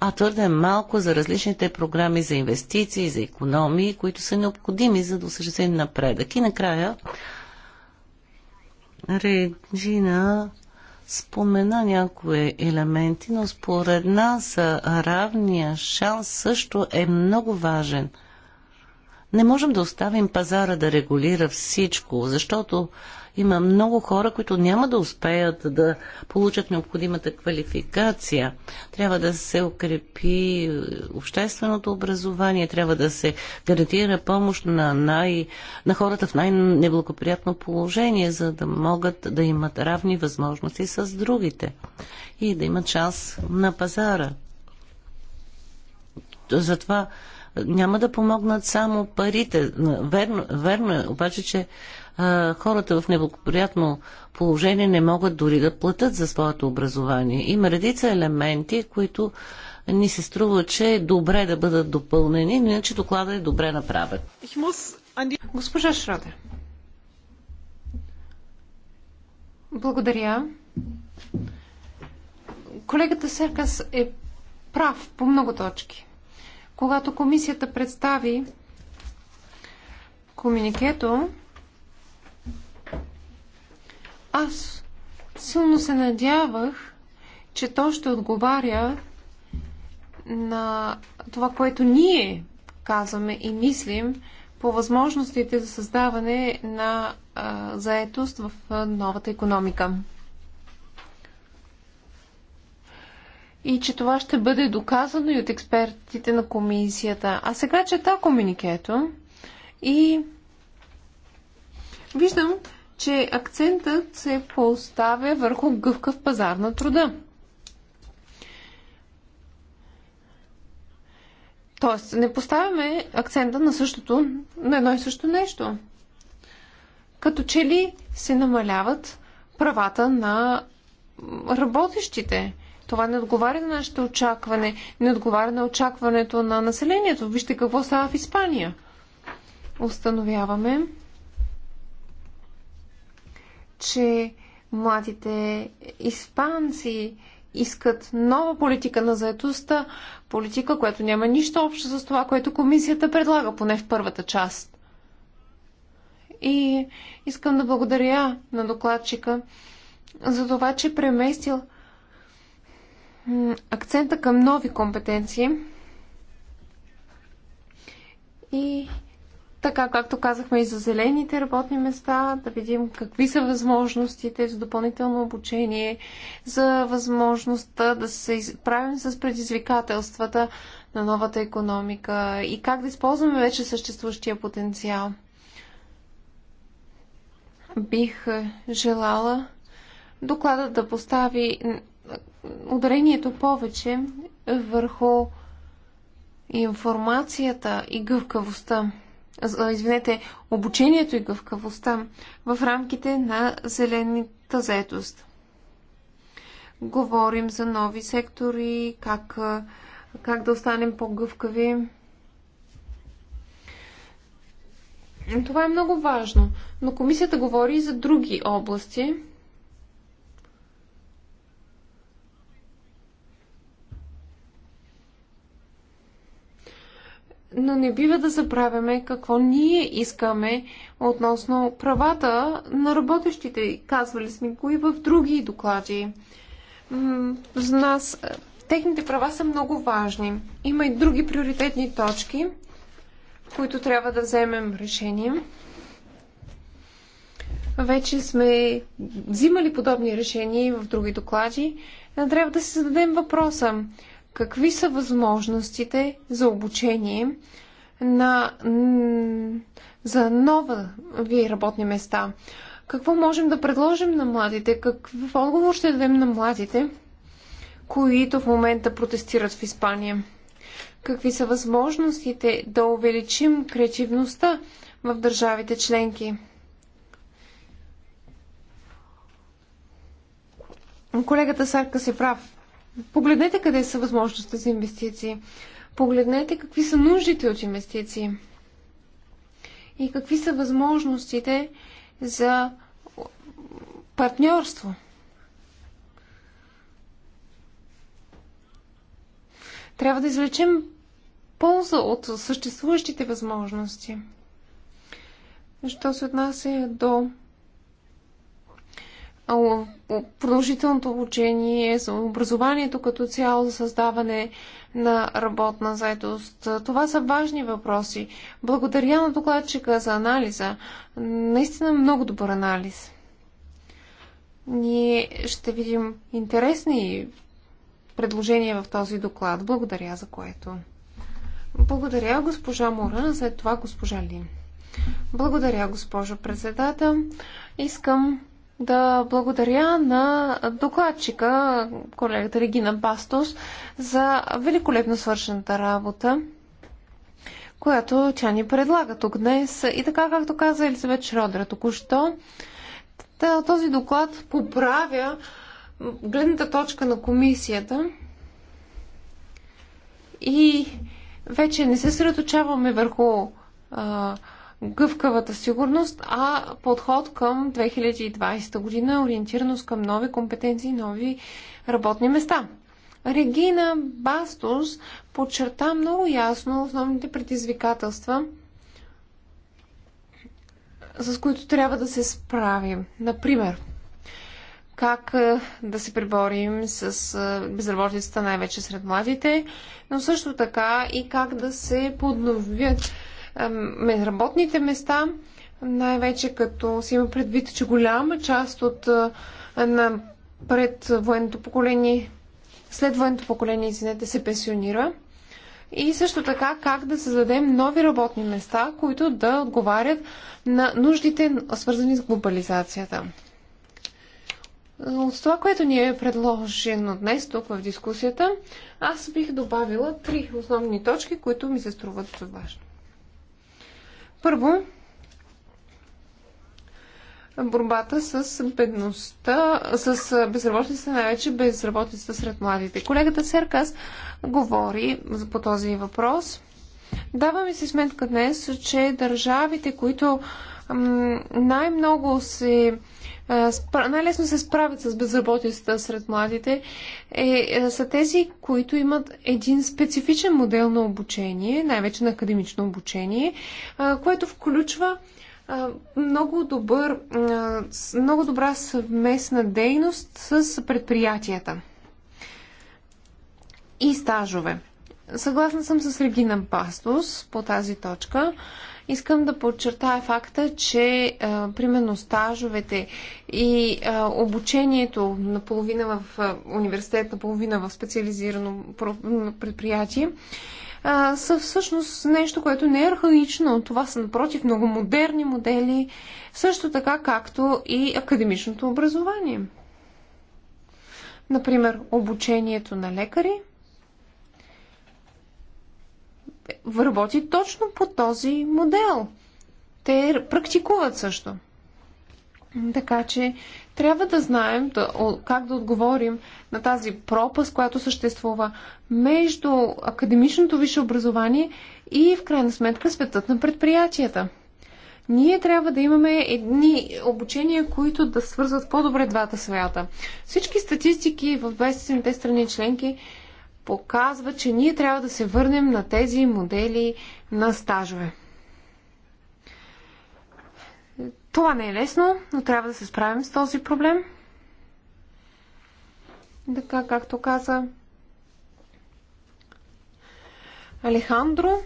Speaker 1: а твърде малко за различните програми за инвестиции, за економии, които са необходими за да осъществим напредък. И накрая Реджина спомена някои елементи, но според нас равния шанс също е много важен – не можем да оставим пазара да регулира всичко, защото има много хора, които няма да успеят да получат необходимата квалификация. Трябва да се укрепи е, общественото образование, трябва да се гарантира помощ на, най, на хората в най-неблагоприятно положение, за да могат да имат равни възможности с другите и да имат шанс на пазара. Затова няма да помогнат само парите. Верно, верно е, обаче, че а, хората в неблагоприятно положение не могат дори да платят за своето образование. Има редица елементи, които ни се струва, че е добре да бъдат допълнени, иначе доклада е добре направен.
Speaker 3: Госпожа Шрадер. Благодаря. Колегата Серкас е прав по много точки. Когато комисията представи комуникето, аз силно се надявах, че то ще отговаря на това, което ние казваме и мислим по възможностите за създаване на а, заетост в а, новата економика. и че това ще бъде доказано и от експертите на комисията. А сега чета комуникето и виждам, че акцентът се поставя върху гъвкав пазар на труда. Тоест, не поставяме акцента на същото, на едно и също нещо. Като че ли се намаляват правата на работещите. Това не отговаря на нашето очакване, не отговаря на очакването на населението. Вижте какво става в Испания. Установяваме, че младите испанци искат нова политика на заетостта, политика, която няма нищо общо с това, което комисията предлага, поне в първата част. И искам да благодаря на докладчика за това, че преместил акцента към нови компетенции и така, както казахме и за зелените работни места, да видим какви са възможностите за допълнително обучение, за възможността да се изправим с предизвикателствата на новата економика и как да използваме вече съществуващия потенциал. Бих е, желала докладът да постави ударението повече върху информацията и гъвкавостта. Извинете, обучението и гъвкавостта в рамките на зелената заедост. Говорим за нови сектори, как, как да останем по-гъвкави. Това е много важно, но комисията говори и за други области – но не бива да забравяме какво ние искаме относно правата на работещите. Казвали сме го и в други доклади. За нас е, техните права са много важни. Има и други приоритетни точки, в които трябва да вземем решение. Вече сме взимали подобни решения в други доклади. Трябва да си зададем въпроса какви са възможностите за обучение на, за ви работни места? Какво можем да предложим на младите? Какъв отговор ще дадем на младите, които в момента протестират в Испания? Какви са възможностите да увеличим креативността в държавите членки? Колегата Сарка си прав. Погледнете къде са възможностите за инвестиции. Погледнете какви са нуждите от инвестиции. И какви са възможностите за партньорство. Трябва да извлечем полза от съществуващите възможности. Що се отнася до продължителното обучение, за образованието като цяло, за създаване на работна заедост. Това са важни въпроси. Благодаря на докладчика за анализа. Наистина много добър анализ. Ние ще видим интересни предложения в този доклад. Благодаря за което. Благодаря госпожа Мора, след това госпожа Лин. Благодаря, госпожо председател. Искам да благодаря на докладчика, колегата Регина Бастос, за великолепно свършената работа, която тя ни предлага тук днес. И така, както каза Елизабет Шродера току-що, този доклад поправя гледната точка на комисията и вече не се средочаваме върху а, гъвкавата сигурност, а подход към 2020 година, ориентираност към нови компетенции, нови работни места. Регина Бастус подчерта много ясно основните предизвикателства, с които трябва да се справим. Например, как да се приборим с безработицата най-вече сред младите, но също така и как да се подновят е, работните места, най-вече като си има предвид, че голяма част от на пред военното поколение, след военното поколение, извинете, се пенсионира. И също така как да създадем нови работни места, които да отговарят на нуждите, свързани с глобализацията. От това, което ни е предложено днес тук в дискусията, аз бих добавила три основни точки, които ми се струват важни. Първо, борбата с бедността, с безработицата, най-вече безработицата сред младите. Колегата Серкас говори по този въпрос. Даваме си сметка днес, че държавите, които най-много се най-лесно се справят с безработицата сред младите, е, е, са тези, които имат един специфичен модел на обучение, най-вече на академично обучение, което включва много, добър, много добра съвместна дейност с предприятията и стажове. Съгласна съм с Регина Пастос по тази точка. Искам да подчертая факта, че а, примерно стажовете и а, обучението наполовина в а, университет, наполовина в специализирано предприятие а, са всъщност нещо, което не е архаично. Това са, напротив, много модерни модели, също така както и академичното образование. Например, обучението на лекари – работи точно по този модел. Те практикуват също. Така че трябва да знаем да, как да отговорим на тази пропаст, която съществува между академичното висше образование и в крайна сметка светът на предприятията. Ние трябва да имаме едни обучения, които да свързват по-добре двата свята. Всички статистики в 27-те страни членки показва, че ние трябва да се върнем на тези модели на стажове. Това не е лесно, но трябва да се справим с този проблем. Така, както каза Алехандро,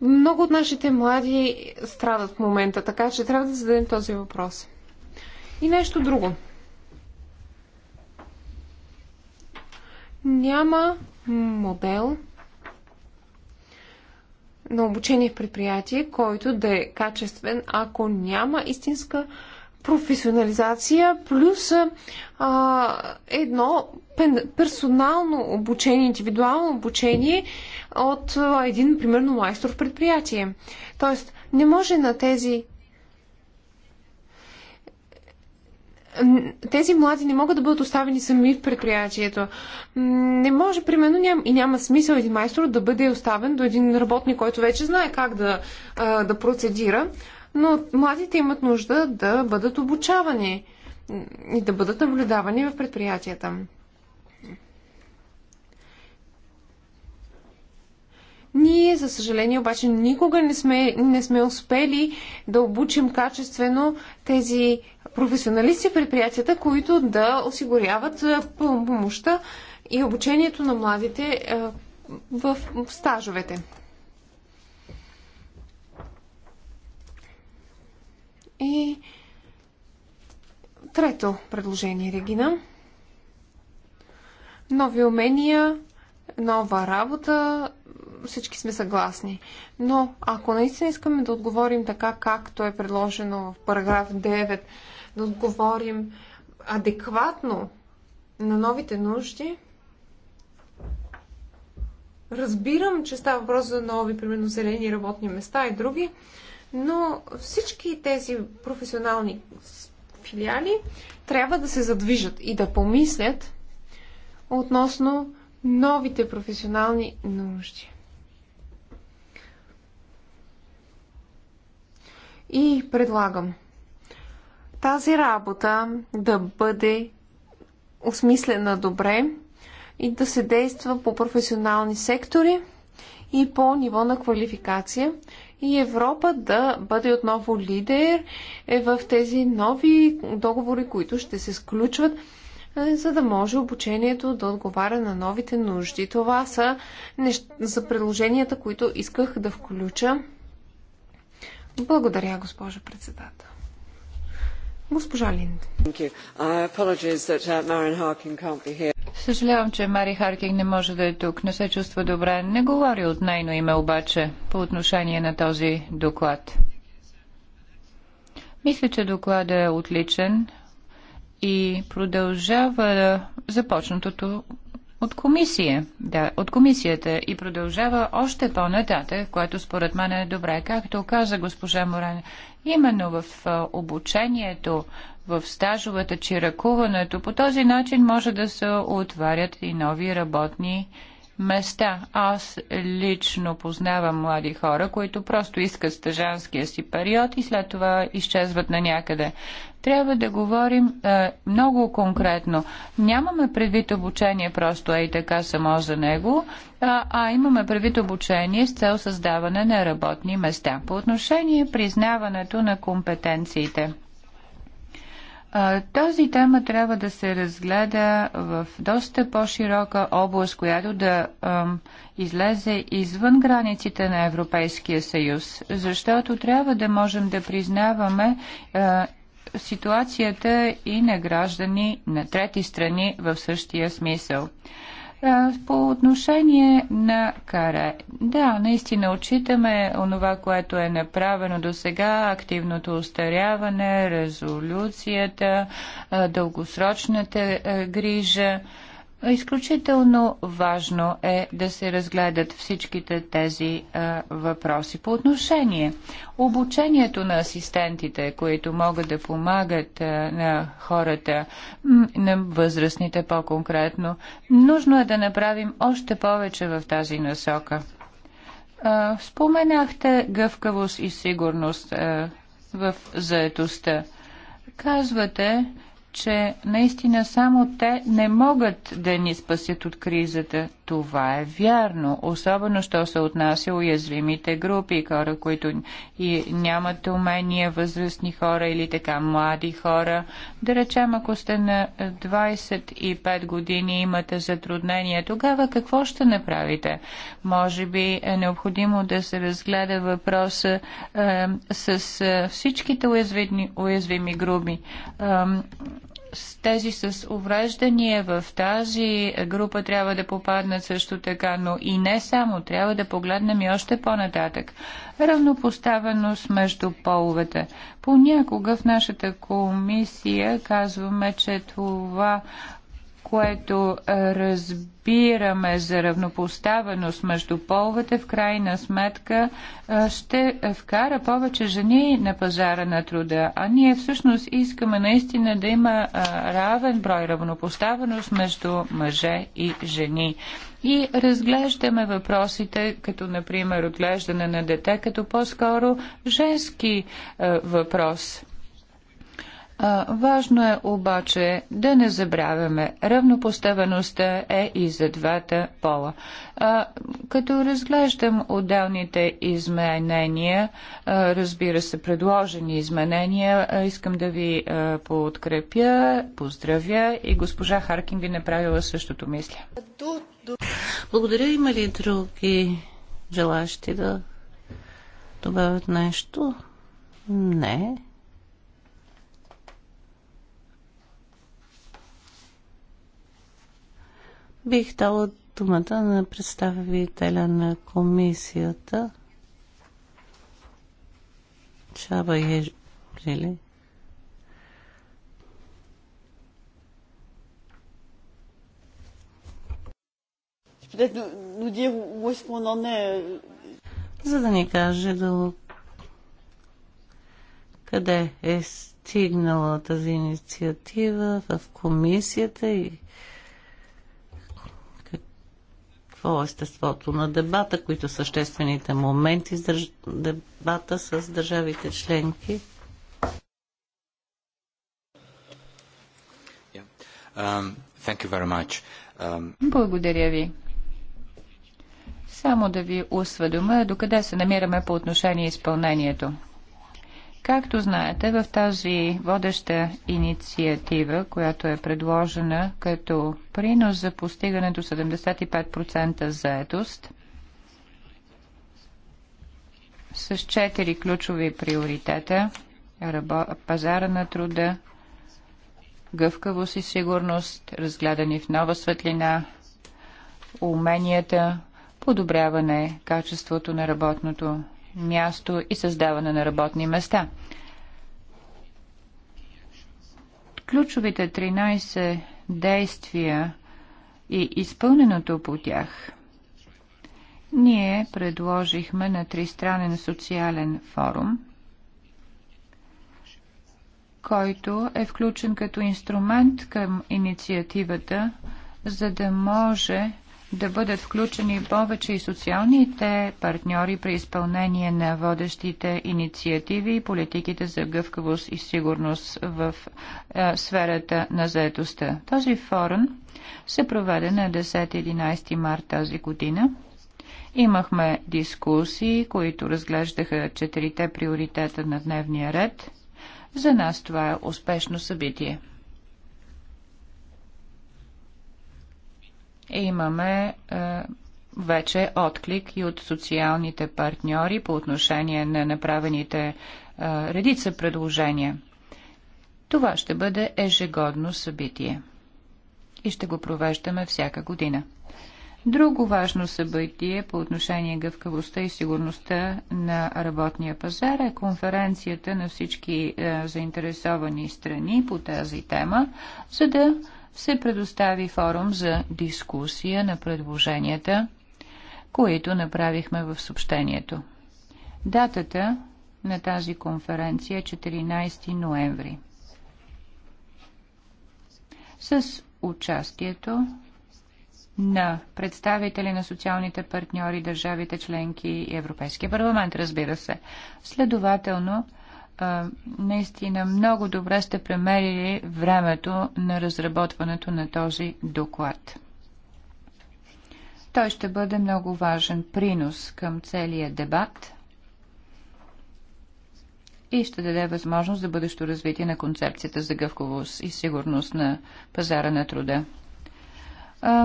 Speaker 3: много от нашите млади страдат в момента, така че трябва да зададем този въпрос. И нещо друго. няма модел на обучение в предприятие, който да е качествен, ако няма истинска професионализация, плюс а, едно персонално обучение, индивидуално обучение от а, един, примерно, майстор в предприятие. Тоест, не може на тези тези млади не могат да бъдат оставени сами в предприятието. Не може, примерно, ням, и няма смисъл един майстор да бъде оставен до един работник, който вече знае как да, да процедира, но младите имат нужда да бъдат обучавани и да бъдат наблюдавани в предприятията. Ние, за съжаление, обаче никога не сме, не сме успели да обучим качествено тези професионалисти в предприятията, които да осигуряват помощта и обучението на младите в стажовете. И трето предложение, Регина. Нови умения, нова работа, всички сме съгласни. Но ако наистина искаме да отговорим така, както е предложено в параграф 9 да отговорим адекватно на новите нужди. Разбирам, че става въпрос за нови, примерно, зелени работни места и други, но всички тези професионални филиали трябва да се задвижат и да помислят относно новите професионални нужди. И предлагам тази работа да бъде осмислена добре и да се действа по професионални сектори и по ниво на квалификация и Европа да бъде отново лидер е в тези нови договори, които ще се сключват, е, за да може обучението да отговаря на новите нужди. Това са нещ... за предложенията, които исках да включа. Благодаря, госпожо председател.
Speaker 2: Госпожа Линд.
Speaker 3: Uh,
Speaker 2: Съжалявам, че Мари Харкинг не може да е тук. Не се чувства добре. Не говори от нейно име обаче по отношение на този доклад. Мисля, че докладът е отличен и продължава започнатото от, комисия, да, от комисията и продължава още по-нататък, което според мен е добре. Както каза госпожа Морен, именно в обучението, в стажовете, чиракуването, по този начин може да се отварят и нови работни места места. Аз лично познавам млади хора, които просто искат стъжанския си период и след това изчезват на някъде. Трябва да говорим е, много конкретно. Нямаме предвид обучение просто ей така само за него, а, а имаме предвид обучение с цел създаване на работни места. По отношение признаването на компетенциите – тази тема трябва да се разгледа в доста по-широка област, която да излезе извън границите на Европейския съюз, защото трябва да можем да признаваме е, ситуацията и на граждани на трети страни в същия смисъл. По отношение на кара, да, наистина отчитаме онова, което е направено до сега, активното устаряване, резолюцията, дългосрочната грижа. Изключително важно е да се разгледат всичките тези а, въпроси. По отношение обучението на асистентите, които могат да помагат а, на хората, на възрастните по-конкретно, нужно е да направим още повече в тази насока. А, споменахте гъвкавост и сигурност а, в заетостта. Казвате, че наистина само те не могат да ни спасят от кризата. Това е вярно, особено що се отнася уязвимите групи, хора, които и нямат умения, възрастни хора или така млади хора. Да речем, ако сте на 25 години и имате затруднения, тогава какво ще направите? Може би е необходимо да се разгледа въпроса е, с е, всичките уязвими, уязвими групи. Е, с тези с увреждания в тази група трябва да попаднат също така, но и не само, трябва да погледнем и още по-нататък. Равнопоставеност между половете. Понякога в нашата комисия казваме, че това което е, разбираме за равнопоставеност между половете, в крайна сметка е, ще вкара повече жени на пазара на труда. А ние всъщност искаме наистина да има е, равен брой равнопоставеност между мъже и жени. И разглеждаме въпросите, като например отглеждане на дете, като по-скоро женски въпрос. Важно е обаче да не забравяме, равнопоставеността е и за двата пола. Като разглеждам отделните изменения, разбира се, предложени изменения, искам да ви подкрепя, поздравя и госпожа Харкин ви направила същото мисля. Благодаря. Има ли други
Speaker 1: желащи да добавят нещо? Не. Бих дала думата на представителя на комисията. Чаба е жили. За да ни каже да... къде е стигнала тази инициатива в комисията и какво е естеството на дебата, които са съществените моменти с държ... дебата с държавите членки. Um, um,
Speaker 2: Благодаря ви. Само да ви осведомя докъде се намираме по отношение изпълнението. Както знаете, в тази водеща инициатива, която е предложена като принос за постигане до 75% заедост, с четири ключови приоритета – пазара на труда, гъвкавост и сигурност, разгледани в нова светлина, уменията, подобряване качеството на работното място и създаване на работни места. Ключовите 13 действия и изпълненото по тях ние предложихме на тристранен социален форум – който е включен като инструмент към инициативата, за да може да бъдат включени повече и социалните партньори при изпълнение на водещите инициативи и политиките за гъвкавост и сигурност в е, сферата на заетостта. Този форум се проведе на 10-11 март тази година. Имахме дискусии, които разглеждаха четирите приоритета на дневния ред. За нас това е успешно събитие. имаме е, вече отклик и от социалните партньори по отношение на направените е, редица предложения. Това ще бъде ежегодно събитие и ще го провеждаме всяка година. Друго важно събитие по отношение гъвкавостта и сигурността на работния пазар е конференцията на всички е, заинтересовани страни по тази тема, за да се предостави форум за дискусия на предложенията, които направихме в съобщението. Датата на тази конференция е 14 ноември. С участието на представители на социалните партньори, държавите членки и Европейския парламент, разбира се. Следователно, наистина много добре сте премерили времето на разработването на този доклад. Той ще бъде много важен принос към целия дебат и ще даде възможност за бъдещо развитие на концепцията за гъвковост и сигурност на пазара на труда.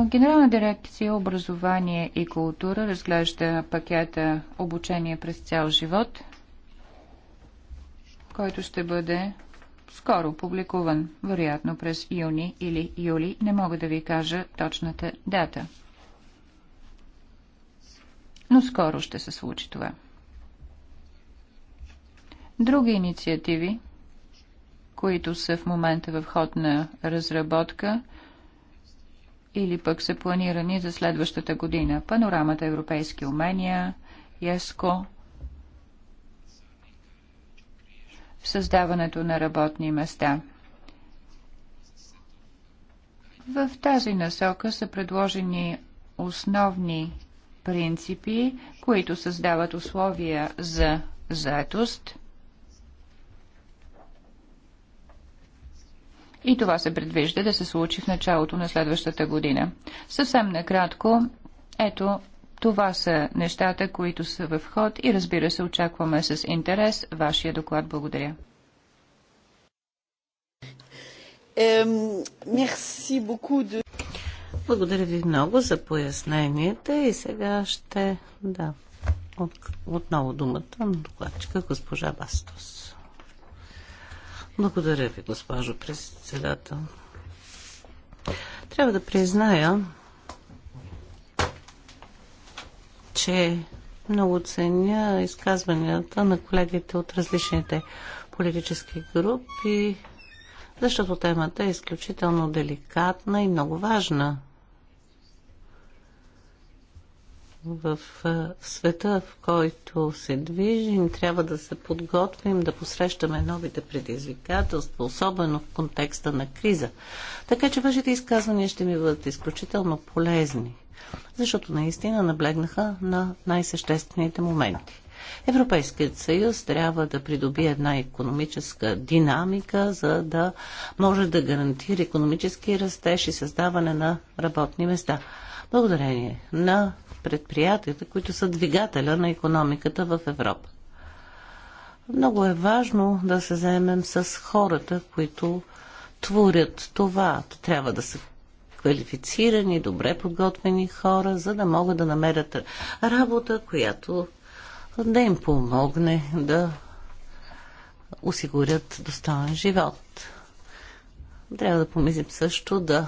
Speaker 2: Генерална дирекция образование и култура разглежда пакета обучение през цял живот – който ще бъде скоро публикуван, вероятно през юни или юли. Не мога да ви кажа точната дата. Но скоро ще се случи това. Други инициативи, които са в момента в ход на разработка или пък са планирани за следващата година. Панорамата Европейски умения, ЕСКО, създаването на работни места. В тази насока са предложени основни принципи, които създават условия за заетост. И това се предвижда да се случи в началото на следващата година. Съвсем накратко, ето това са нещата, които са в ход и разбира се, очакваме с интерес вашия доклад. Благодаря.
Speaker 1: Благодаря ви много за поясненията и сега ще да, от, отново думата на докладчика госпожа Бастос. Благодаря ви, госпожо председател. Трябва да призная, че много ценя изказванията на колегите от различните политически групи, защото темата е изключително деликатна и много важна. в света, в който се движим, трябва да се подготвим, да посрещаме новите предизвикателства, особено в контекста на криза. Така че вашите изказвания ще ми бъдат изключително полезни, защото наистина наблегнаха на най-съществените моменти. Европейският съюз трябва да придобие една економическа динамика, за да може да гарантира економически растеж и създаване на работни места благодарение на предприятията, които са двигателя на економиката в Европа. Много е важно да се заемем с хората, които творят това. Трябва да са квалифицирани, добре подготвени хора, за да могат да намерят работа, която да им помогне да осигурят достоен живот. Трябва да помислим също да,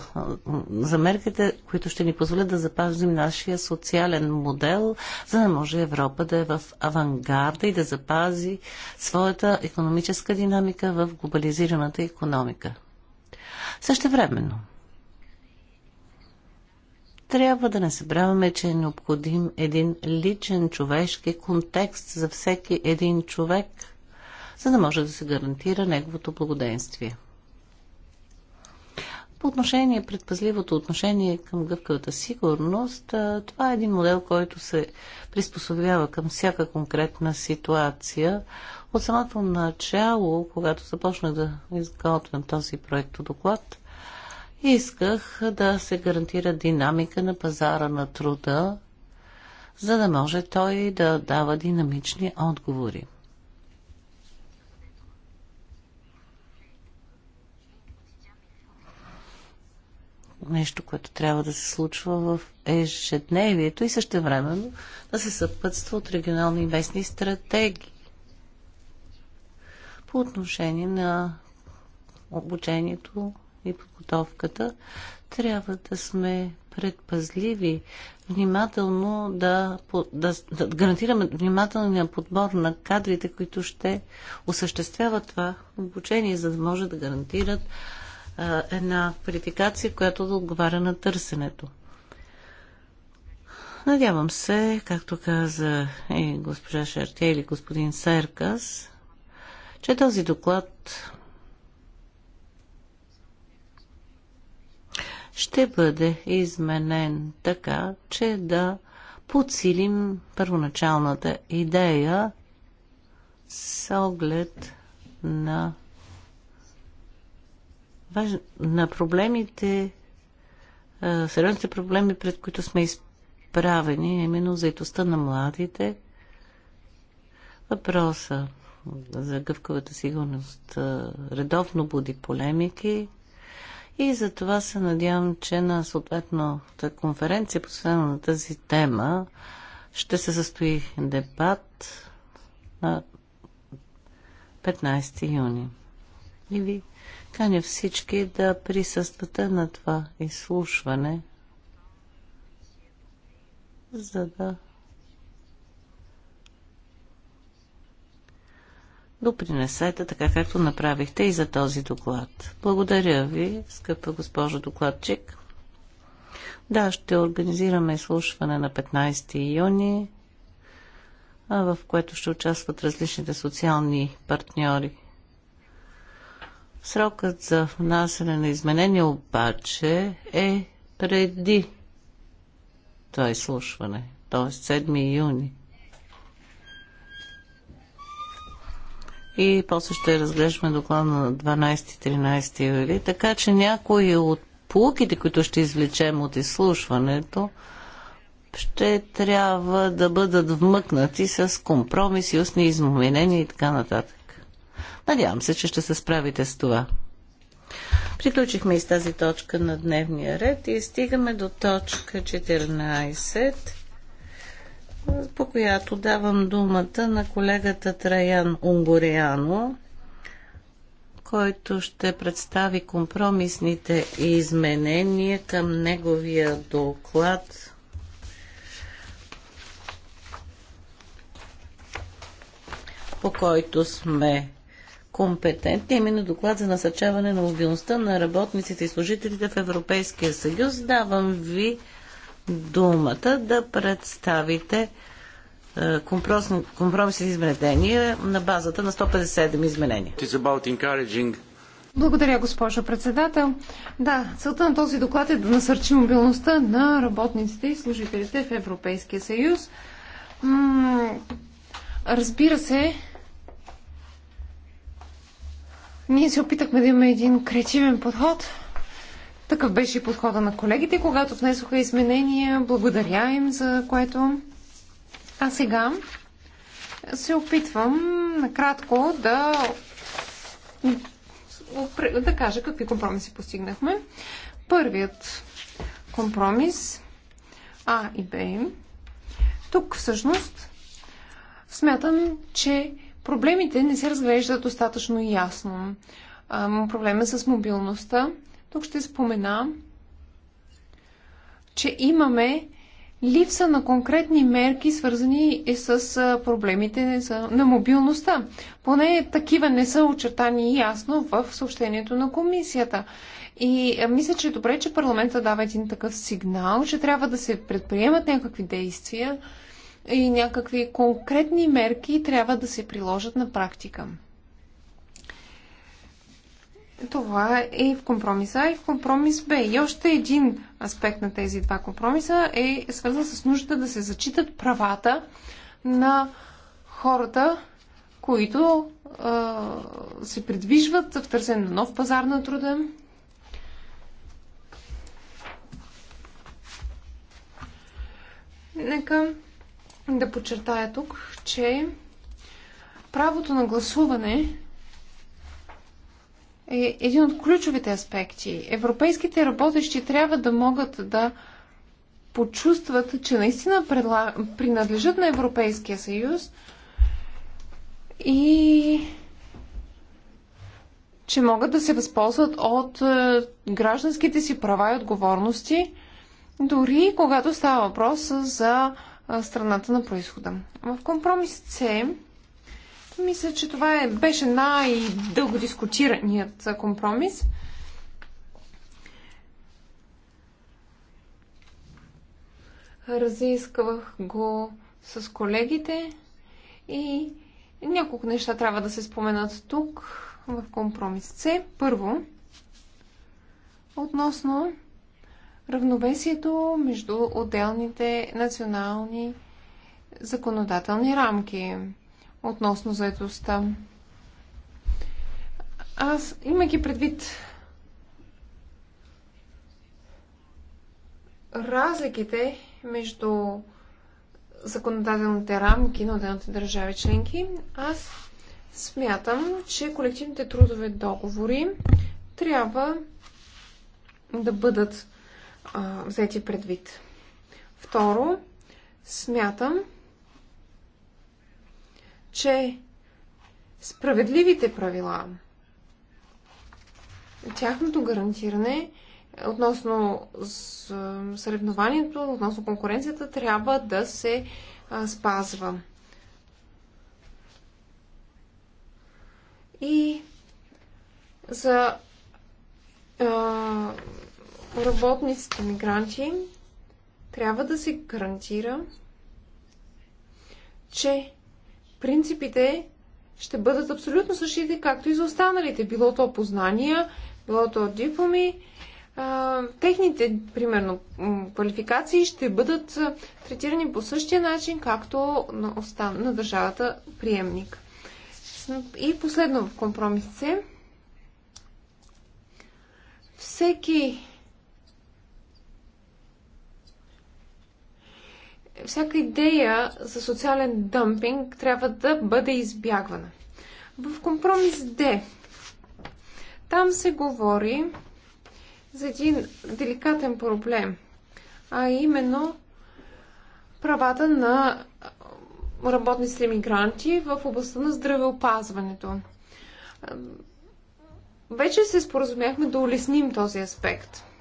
Speaker 1: за мерките, които ще ни позволят да запазим нашия социален модел, за да може Европа да е в авангарда и да запази своята економическа динамика в глобализираната економика. Също времено, трябва да не събраваме, че е необходим един личен човешки контекст за всеки един човек, за да може да се гарантира неговото благоденствие. По отношение предпазливото отношение към гъвкавата сигурност, това е един модел, който се приспособява към всяка конкретна ситуация. От самото начало, когато започнах да изготвям този проект доклад, исках да се гарантира динамика на пазара на труда, за да може той да дава динамични отговори. нещо, което трябва да се случва в ежедневието и също времено да се съпътства от регионални и местни стратегии. По отношение на обучението и подготовката, трябва да сме предпазливи, внимателно да, да, да гарантираме внимателния подбор на кадрите, които ще осъществяват това обучение, за да може да гарантират една квалификация, която да отговаря на търсенето. Надявам се, както каза и госпожа Шарте или господин Серкас, че този доклад ще бъде изменен така, че да подсилим първоначалната идея с оглед на Важ... на проблемите, сериозните проблеми, пред които сме изправени, именно заетостта на младите, въпроса за гъвкавата сигурност редовно буди полемики и за това се надявам, че на съответната конференция, посвена на тази тема, ще се състои дебат на 15 юни. И ви Каня всички да присъствате на това изслушване, за да допринесете така, както направихте и за този доклад. Благодаря ви, скъпа госпожо докладчик. Да, ще организираме изслушване на 15 юни, в което ще участват различните социални партньори Срокът за внасяне на изменения обаче е преди това изслушване, т.е. 7 юни. И после ще разглеждаме доклад на 12-13 юли, така че някои от полуките, които ще извлечем от изслушването, ще трябва да бъдат вмъкнати с компромиси, устни изменения и така нататък. Надявам се, че ще се справите с това. Приключихме и с тази точка на дневния ред и стигаме до точка 14, по която давам думата на колегата Траян Унгоряно, който ще представи компромисните изменения към неговия доклад по който сме компетентни, именно доклад за насърчаване на мобилността на работниците и служителите в Европейския съюз. Давам ви думата да представите е, компромисни, компромисни изменения на базата на 157 изменения.
Speaker 3: Благодаря, госпожо председател. Да, целта на този доклад е да насърчи мобилността на работниците и служителите в Европейския съюз. Разбира се, ние се опитахме да имаме един креативен подход. Такъв беше и подхода на колегите, когато внесоха изменения. Благодаря им за което. А сега се опитвам накратко да да кажа какви компромиси постигнахме. Първият компромис А и Б. Тук всъщност смятам, че Проблемите не се разглеждат достатъчно ясно. Проблема с мобилността. Тук ще спомена, че имаме липса на конкретни мерки, свързани и с проблемите на мобилността. Поне такива не са очертани ясно в съобщението на комисията. И мисля, че е добре, че парламента дава един такъв сигнал, че трябва да се предприемат някакви действия и някакви конкретни мерки трябва да се приложат на практика. Това е в компромиса и в компромис Б. И още един аспект на тези два компромиса е свързан с нуждата да се зачитат правата на хората, които а, се придвижват в търсен на нов пазар на труда. Нека да подчертая тук, че правото на гласуване е един от ключовите аспекти. Европейските работещи трябва да могат да почувстват, че наистина принадлежат на Европейския съюз и че могат да се възползват от е, гражданските си права и отговорности, дори когато става въпрос за страната на происхода. В компромис С мисля, че това е, беше най-дълго дискутираният компромис. Разисквах го с колегите и няколко неща трябва да се споменат тук в компромис С. Първо, относно равновесието между отделните национални законодателни рамки относно заедостта. Аз, имайки предвид разликите между законодателните рамки на отделните държави членки, аз смятам, че колективните трудове договори трябва да бъдат а, взети предвид. Второ, смятам, че справедливите правила, тяхното гарантиране относно съревнованието, относно конкуренцията, трябва да се а, спазва. И за а, работниците мигранти трябва да се гарантира, че принципите ще бъдат абсолютно същите, както и за останалите. Било то познания, било то дипломи, техните, примерно, квалификации ще бъдат третирани по същия начин, както на, остан... на държавата приемник. И последно в компромисце. Всеки всяка идея за социален дъмпинг трябва да бъде избягвана. В компромис Д там се говори за един деликатен проблем, а именно правата на работници мигранти в областта на здравеопазването. Вече се споразумяхме да улесним този аспект –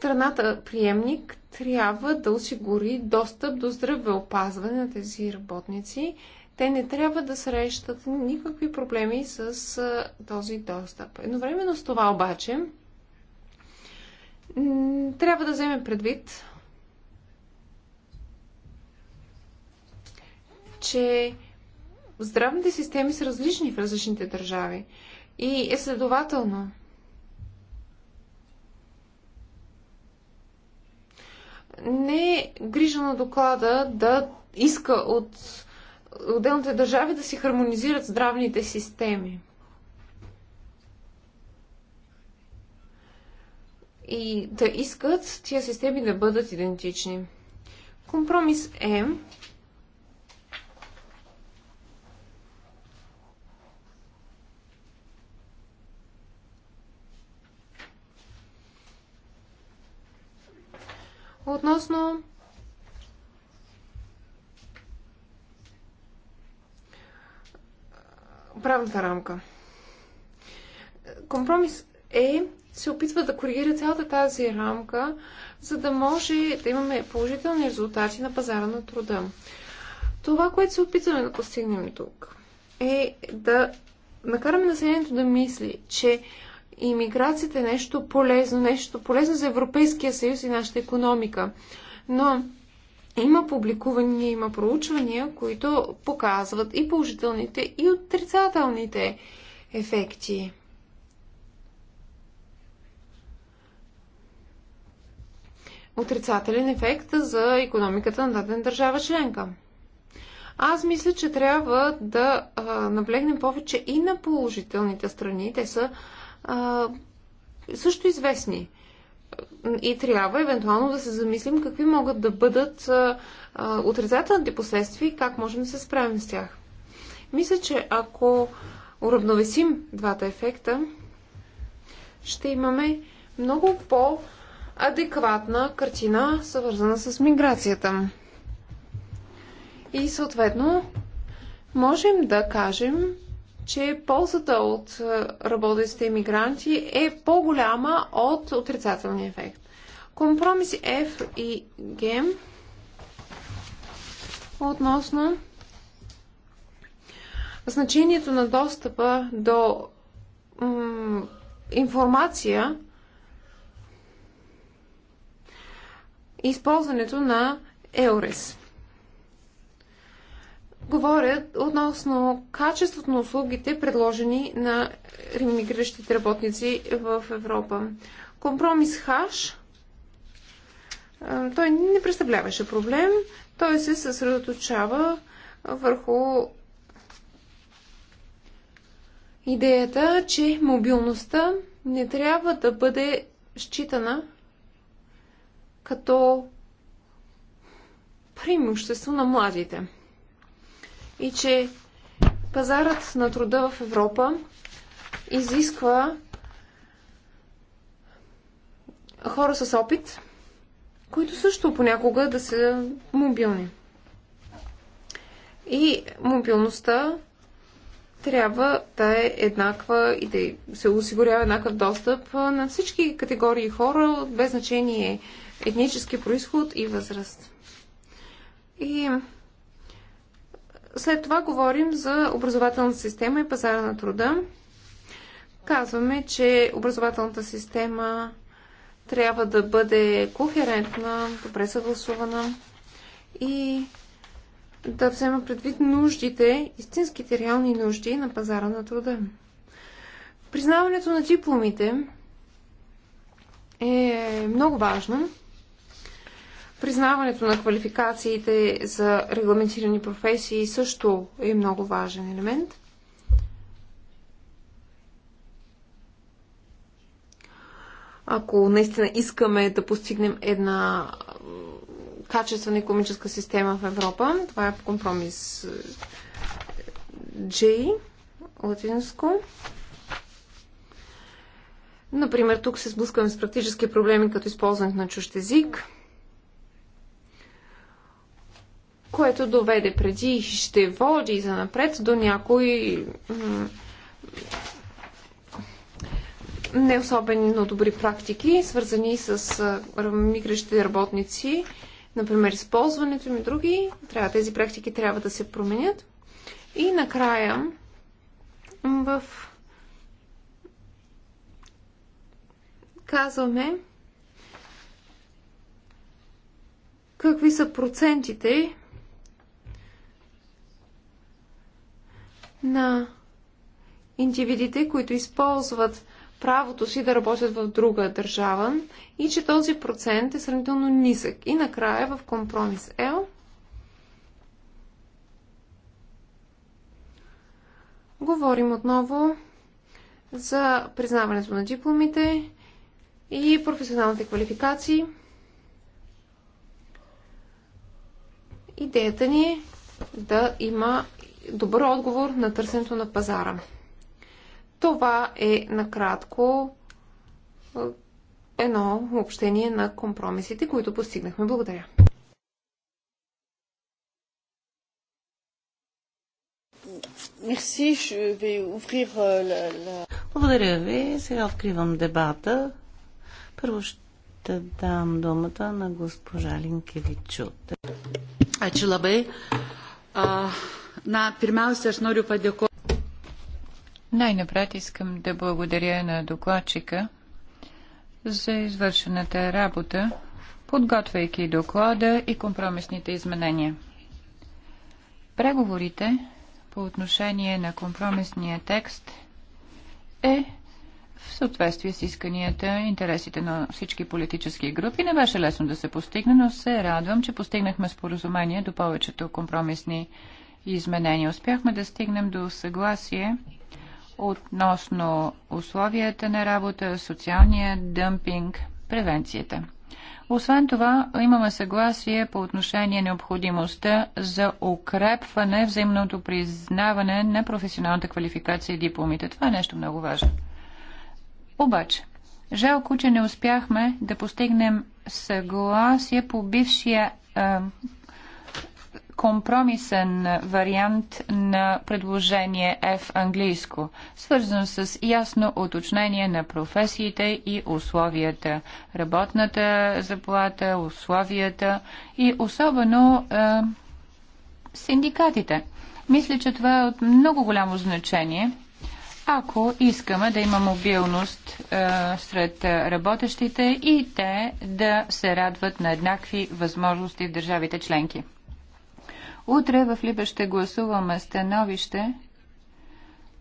Speaker 3: страната приемник трябва да осигури достъп до здравеопазване на тези работници. Те не трябва да срещат никакви проблеми с този достъп. Едновременно с това обаче трябва да вземем предвид, че здравните системи са различни в различните държави. И е следователно, не е грижа на доклада да иска от отделните държави да си хармонизират здравните системи. И да искат тия системи да бъдат идентични. Компромис Е Относно правната рамка. Компромис е се опитва да коригира цялата тази рамка, за да може да имаме положителни резултати на пазара на труда. Това, което се опитваме да постигнем тук, е да накараме населението да мисли, че Имиграцията е нещо полезно, нещо полезно за Европейския съюз и нашата економика. Но има публикувания, има проучвания, които показват и положителните, и отрицателните ефекти. Отрицателен ефект за економиката на дадена държава членка. Аз мисля, че трябва да а, наблегнем повече и на положителните страни. Те са а, също известни. И трябва евентуално да се замислим какви могат да бъдат а, а, отрицателните последствия и как можем да се справим с тях. Мисля, че ако уравновесим двата ефекта, ще имаме много по-адекватна картина, съвързана с миграцията. И съответно, можем да кажем, че ползата от е, работещите иммигранти е по-голяма от отрицателния ефект. Компромиси F и G относно значението на достъпа до информация и използването на ЕОРЕС говорят относно качеството на услугите, предложени на ремигриращите работници в Европа. Компромис ХАШ, той не представляваше проблем. Той се съсредоточава върху идеята, че мобилността не трябва да бъде считана като преимущество на младите и че пазарът на труда в Европа изисква хора с опит, които също понякога да са мобилни. И мобилността трябва да е еднаква и да се осигурява еднакъв достъп на всички категории хора, без значение етнически происход и възраст. И след това говорим за образователната система и пазара на труда. Казваме, че образователната система трябва да бъде кохерентна, добре съгласувана и да взема предвид нуждите, истинските реални нужди на пазара на труда. Признаването на дипломите е много важно Признаването на квалификациите за регламентирани професии също е много важен елемент. Ако наистина искаме да постигнем една качествена економическа система в Европа, това е компромис J, е, латинско. Например, тук се сблъскваме с практически проблеми, като използването на чужд език – което доведе преди и ще води за напред до някои не особено добри практики, свързани с мигрещите работници, например използването им и други. Трябва, тези практики трябва да се променят. И накрая в казваме какви са процентите на индивидите, които използват правото си да работят в друга държава и че този процент е сравнително нисък. И накрая в компромис L говорим отново за признаването на дипломите и професионалните квалификации. Идеята ни е да има добър отговор на търсенето на пазара. Това е накратко едно общение на компромисите, които постигнахме. Благодаря.
Speaker 1: Euh, Благодаря ви. Сега откривам дебата. Първо ще дам думата на госпожа Линкевичу. Ай,
Speaker 2: че Uh... Na, pirmiausia, aš noriu padėkoti. Най-напред искам да благодаря на докладчика за извършената работа, подготвяйки доклада и компромисните изменения. Преговорите по отношение на компромисния текст е в съответствие с исканията, интересите на всички политически групи. Не беше лесно да се постигне, но се радвам, че постигнахме споразумение до повечето компромисни изменения. Успяхме да стигнем до съгласие относно условията на работа, социалния дъмпинг, превенцията. Освен това, имаме съгласие по отношение необходимостта за укрепване взаимното признаване на професионалната квалификация и дипломите. Това е нещо много важно. Обаче, жалко, че не успяхме да постигнем съгласие по бившия компромисен вариант на предложение F английско, свързан с ясно уточнение на професиите и условията, работната заплата, условията и особено е, синдикатите. Мисля, че това е от много голямо значение ако искаме да има мобилност е, сред работещите и те да се радват на еднакви възможности в държавите членки. Утре в Либе ще гласуваме становище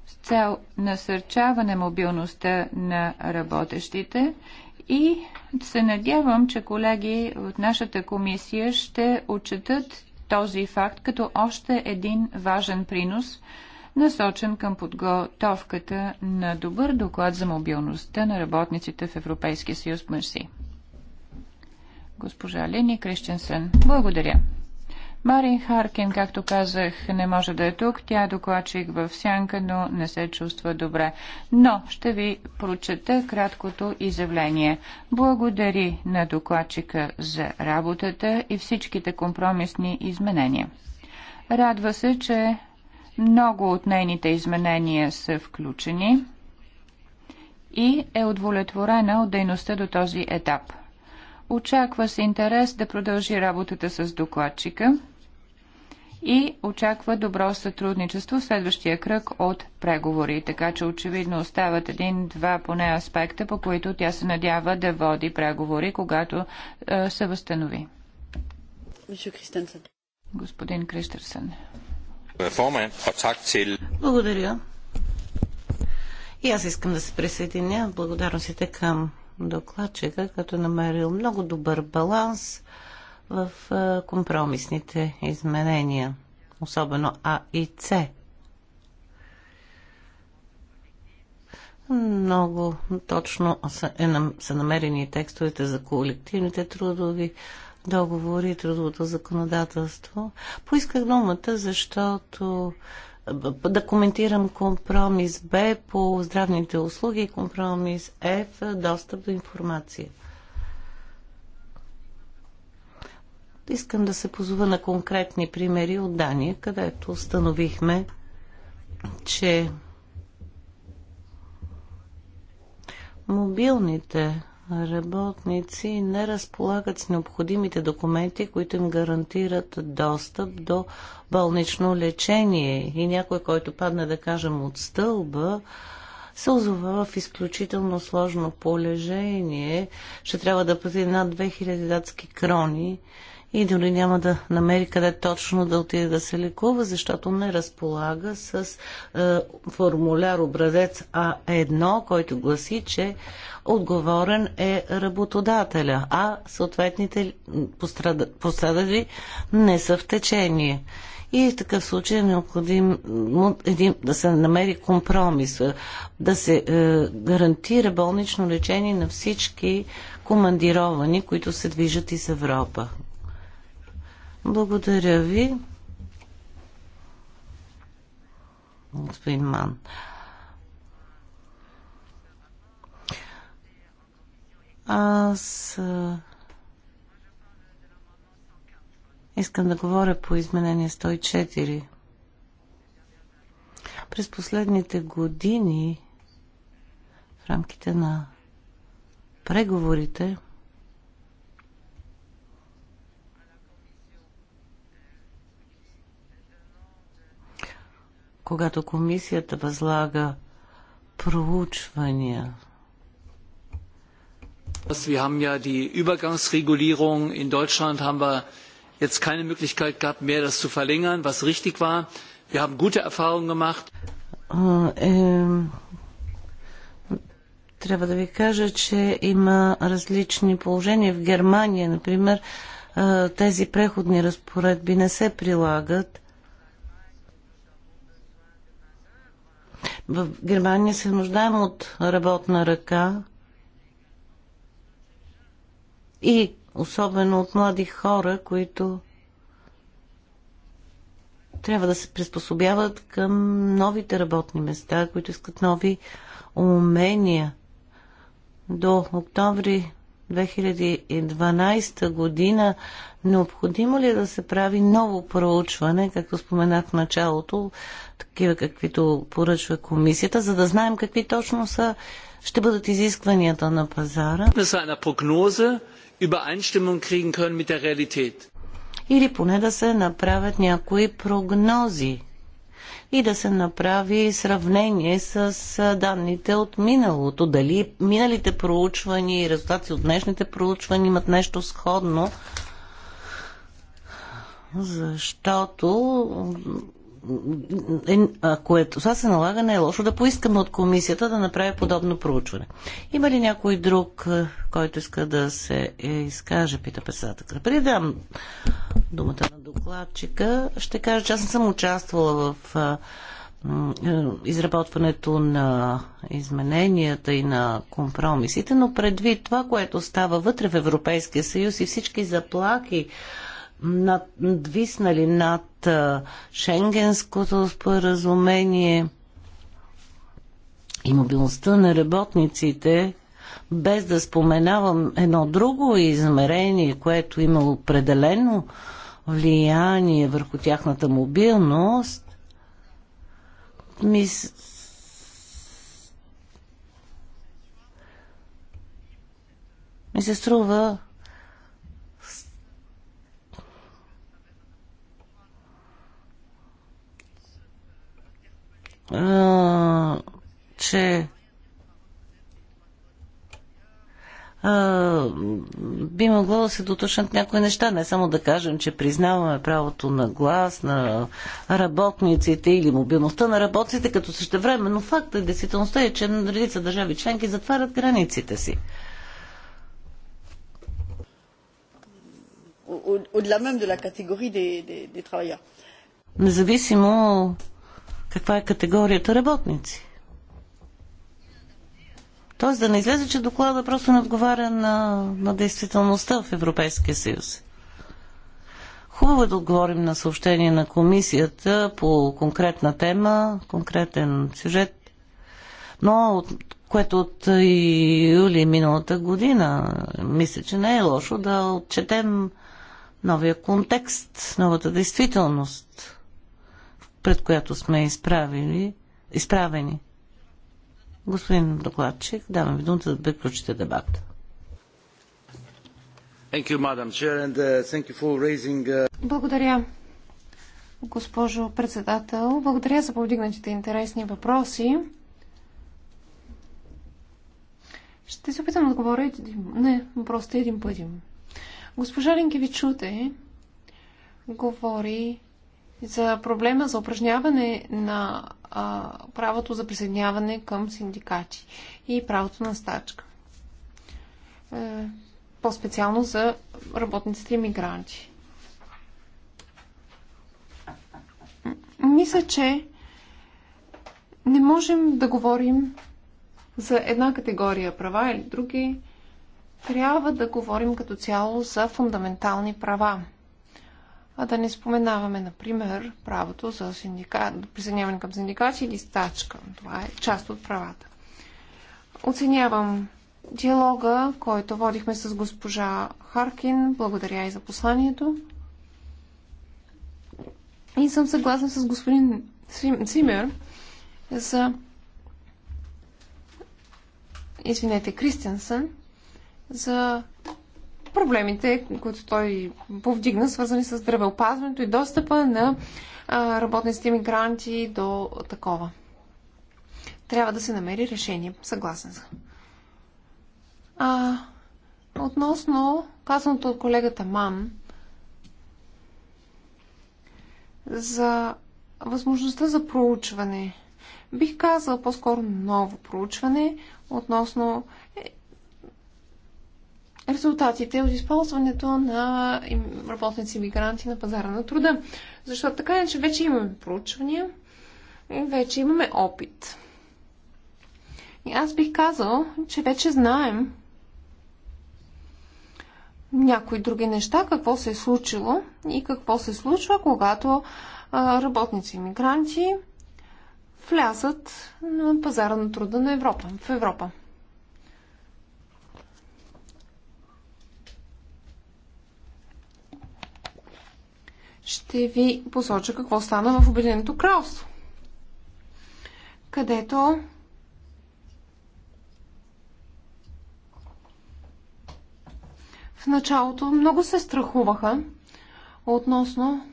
Speaker 2: с цел насърчаване мобилността на работещите и се надявам, че колеги от нашата комисия ще отчетат този факт като още един важен принос, насочен към подготовката на добър доклад за мобилността на работниците в Европейския съюз. Мерси. Госпожа Лени Крещенсен, благодаря. Марин Харкин, както казах, не може да е тук. Тя е докладчик в сянка, но не се чувства добре. Но ще ви прочета краткото изявление. Благодари на докладчика за работата и всичките компромисни изменения. Радва се, че много от нейните изменения са включени и е удовлетворена от дейността до този етап. Очаква се интерес да продължи работата с докладчика и очаква добро сътрудничество в следващия кръг от преговори. Така че очевидно остават един-два поне аспекта, по които тя се надява да води преговори, когато е, се възстанови. Господин Кристерсън. Благодаря.
Speaker 1: И аз искам да се присъединя благодарностите към докладчика, като намерил много добър баланс – в компромисните изменения, особено А и С. Много точно е са намерени текстовете за колективните трудови договори, трудовото законодателство. Поисках думата, защото да коментирам компромис Б по здравните услуги и компромис Ф достъп до информация. Искам да се позова на конкретни примери от Дания, където установихме, че мобилните работници не разполагат с необходимите документи, които им гарантират достъп до болнично лечение. И някой, който падне, да кажем, от стълба, се озова в изключително сложно полежение. Ще трябва да пази над 2000 датски крони, и дори няма да намери къде точно да отиде да се лекува, защото не разполага с е, формуляр образец А1, който гласи, че отговорен е работодателя, а съответните пострадали не са в течение. И в такъв случай е необходим един, да се намери компромис, е, да се е, гарантира болнично лечение на всички командировани, които се движат из Европа. Благодаря ви. Господин Ман. Аз искам да говоря по изменение 104. През последните години в рамките на преговорите когато комисията възлага проучвания.
Speaker 2: Wir haben ja die Übergangsregulierung. In Deutschland haben wir jetzt keine Möglichkeit gehabt, mehr das zu verlängern, was richtig war. Wir haben gute Erfahrungen gemacht.
Speaker 1: Трябва да ви кажа, че има различни положения. В Германия, например, тези преходни разпоредби не се прилагат В Германия се нуждаем от работна ръка и особено от млади хора, които трябва да се приспособяват към новите работни места, които искат нови умения. До октомври 2012 година необходимо ли е да се прави ново проучване, както споменах в началото, такива каквито поръчва комисията, за да знаем какви точно са ще бъдат изискванията на пазара. Или поне да се направят някои прогнози и да се направи сравнение с данните от миналото. Дали миналите проучвания и резултати от днешните проучвания имат нещо сходно, защото ако е, това се налага, не е лошо да поискаме от комисията да направи подобно проучване. Има ли някой друг, е, който иска да се е, изкаже, пита председател. Преди да дам думата на докладчика, ще кажа, че аз не съм участвала в е, изработването на измененията и на компромисите, но предвид това, което става вътре в Европейския съюз и всички заплахи, надвиснали над Шенгенското споразумение и мобилността на работниците, без да споменавам едно друго измерение, което има определено влияние върху тяхната мобилност, ми ми се струва а, че а, би могло да се доточнат някои неща. Не само да кажем, че признаваме правото на глас на работниците или мобилността на работниците, като но факта и действителността е, че редица държави членки затварят границите си. Независимо каква е категорията работници. Тоест да не излезе, че доклада просто не отговаря на, на действителността в Европейския съюз. Хубаво е да отговорим на съобщение на комисията по конкретна тема, конкретен сюжет, но от, което от юли миналата година мисля, че не е лошо да отчетем новия контекст, новата действителност пред която сме изправили, изправени. Господин докладчик, давам ви думата да приключите дебата.
Speaker 3: Благодаря, госпожо председател. Благодаря за повдигнатите интересни въпроси. Ще се опитам да говоря един... Не, просто един по един. Госпожа Ленкевичуте говори за проблема за упражняване на а, правото за присъединяване към синдикати и правото на стачка. Е, по-специално за работниците и мигранти. Мисля, че не можем да говорим за една категория права или други. Трябва да говорим като цяло за фундаментални права. А да не споменаваме, например, правото за синдика... присъединяване към синдикати или стачка. Това е част от правата. Оценявам диалога, който водихме с госпожа Харкин. Благодаря и за посланието. И съм съгласна с господин Цимер за извинете, Кристенсън за проблемите, които той повдигна, свързани с здравеопазването и достъпа на работниците мигранти до такова. Трябва да се намери решение. Съгласен съм. А, относно казаното от колегата Ман за възможността за проучване. Бих казал по-скоро ново проучване относно резултатите от използването на работници мигранти на пазара на труда. Защото така е, че вече имаме проучвания, вече имаме опит. И аз бих казал, че вече знаем някои други неща, какво се е случило и какво се случва, когато работници мигранти влязат на пазара на труда на Европа, в Европа. ще ви посоча какво стана в Обединеното кралство, където в началото много се страхуваха относно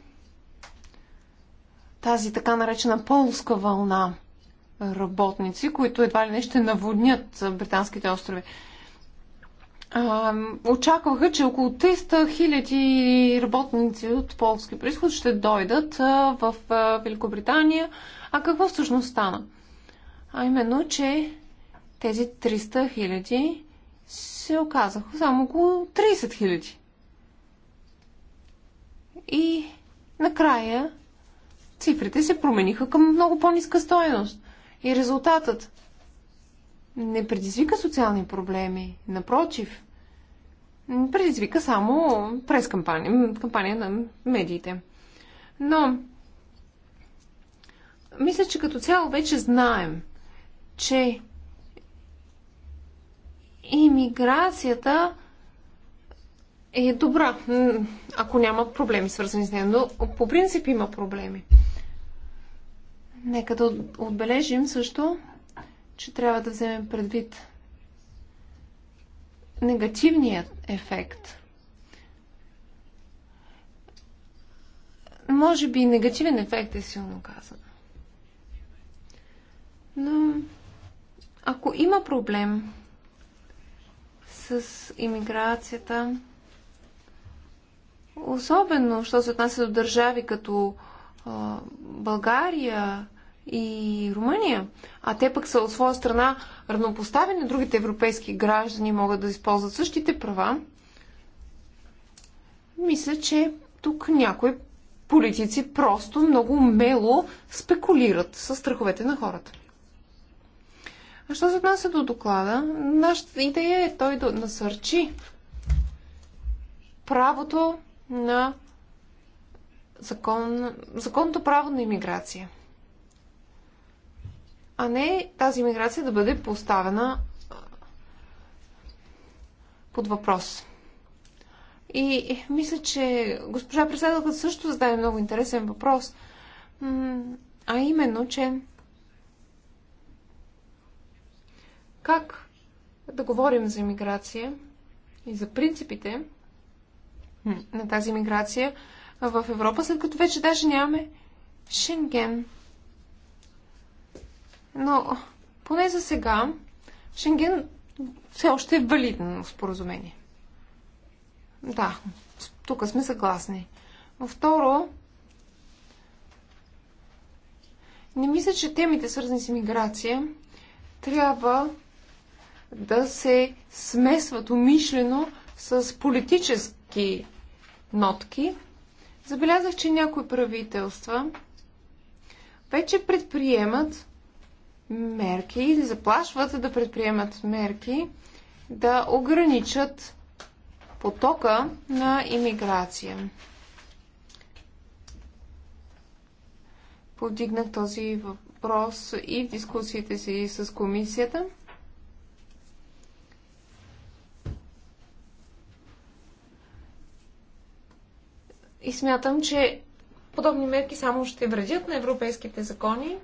Speaker 3: тази така наречена полска вълна работници, които едва ли не ще наводнят британските острови очакваха, че около 300 хиляди работници от полски происход ще дойдат в Великобритания. А какво всъщност стана? А именно, че тези 300 хиляди се оказаха само около 30 хиляди. И накрая цифрите се промениха към много по-ниска стоеност. И резултатът не предизвика социални проблеми. Напротив, предизвика само през кампания, кампания на медиите. Но, мисля, че като цяло вече знаем, че имиграцията е добра, ако няма проблеми свързани с нея, но по принцип има проблеми. Нека да отбележим също, че трябва да вземем предвид негативният ефект. Може би негативен ефект е силно казан. Но ако има проблем с иммиграцията, особено, що се отнася до държави като а, България, и Румъния. А те пък са от своя страна равнопоставени. Другите европейски граждани могат да използват същите права. Мисля, че тук някои политици просто много мело спекулират с страховете на хората. А що се отнася до доклада, нашата идея е той да насърчи правото на закон, законното право на иммиграция а не тази миграция да бъде поставена под въпрос. И мисля, че госпожа председателка също зададе много интересен въпрос, а именно, че как да говорим за миграция и за принципите на тази миграция в Европа, след като вече даже нямаме Шенген. Но поне за сега Шенген все още е валидно споразумение. Да, тук сме съгласни. Но второ, не мисля, че темите, свързани с иммиграция, трябва да се смесват умишлено с политически нотки. Забелязах, че някои правителства вече предприемат мерки или заплашват да предприемат мерки да ограничат потока на иммиграция. Подигнах този въпрос и в дискусиите си с комисията. И смятам, че подобни мерки само ще вредят на европейските закони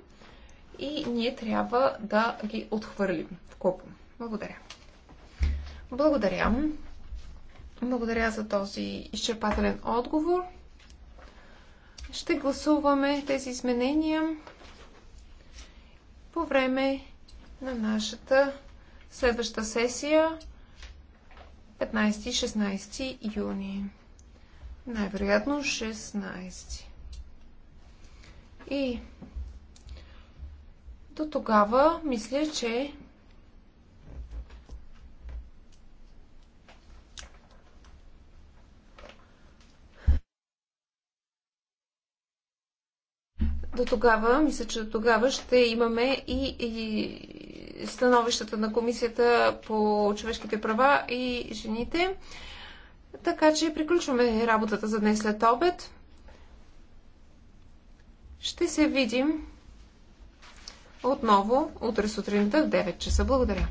Speaker 3: и ние трябва да ги отхвърлим в купон. Благодаря. Благодаря. Благодаря за този изчерпателен отговор. Ще гласуваме тези изменения по време на нашата следваща сесия 15-16 юни. Най-вероятно 16. И до тогава мисля, че до тогава, мисля, че до тогава ще имаме и, и становищата на Комисията по човешките права и жените. Така че приключваме работата за днес след обед. Ще се видим отново утре сутринта в 9 часа. Благодаря.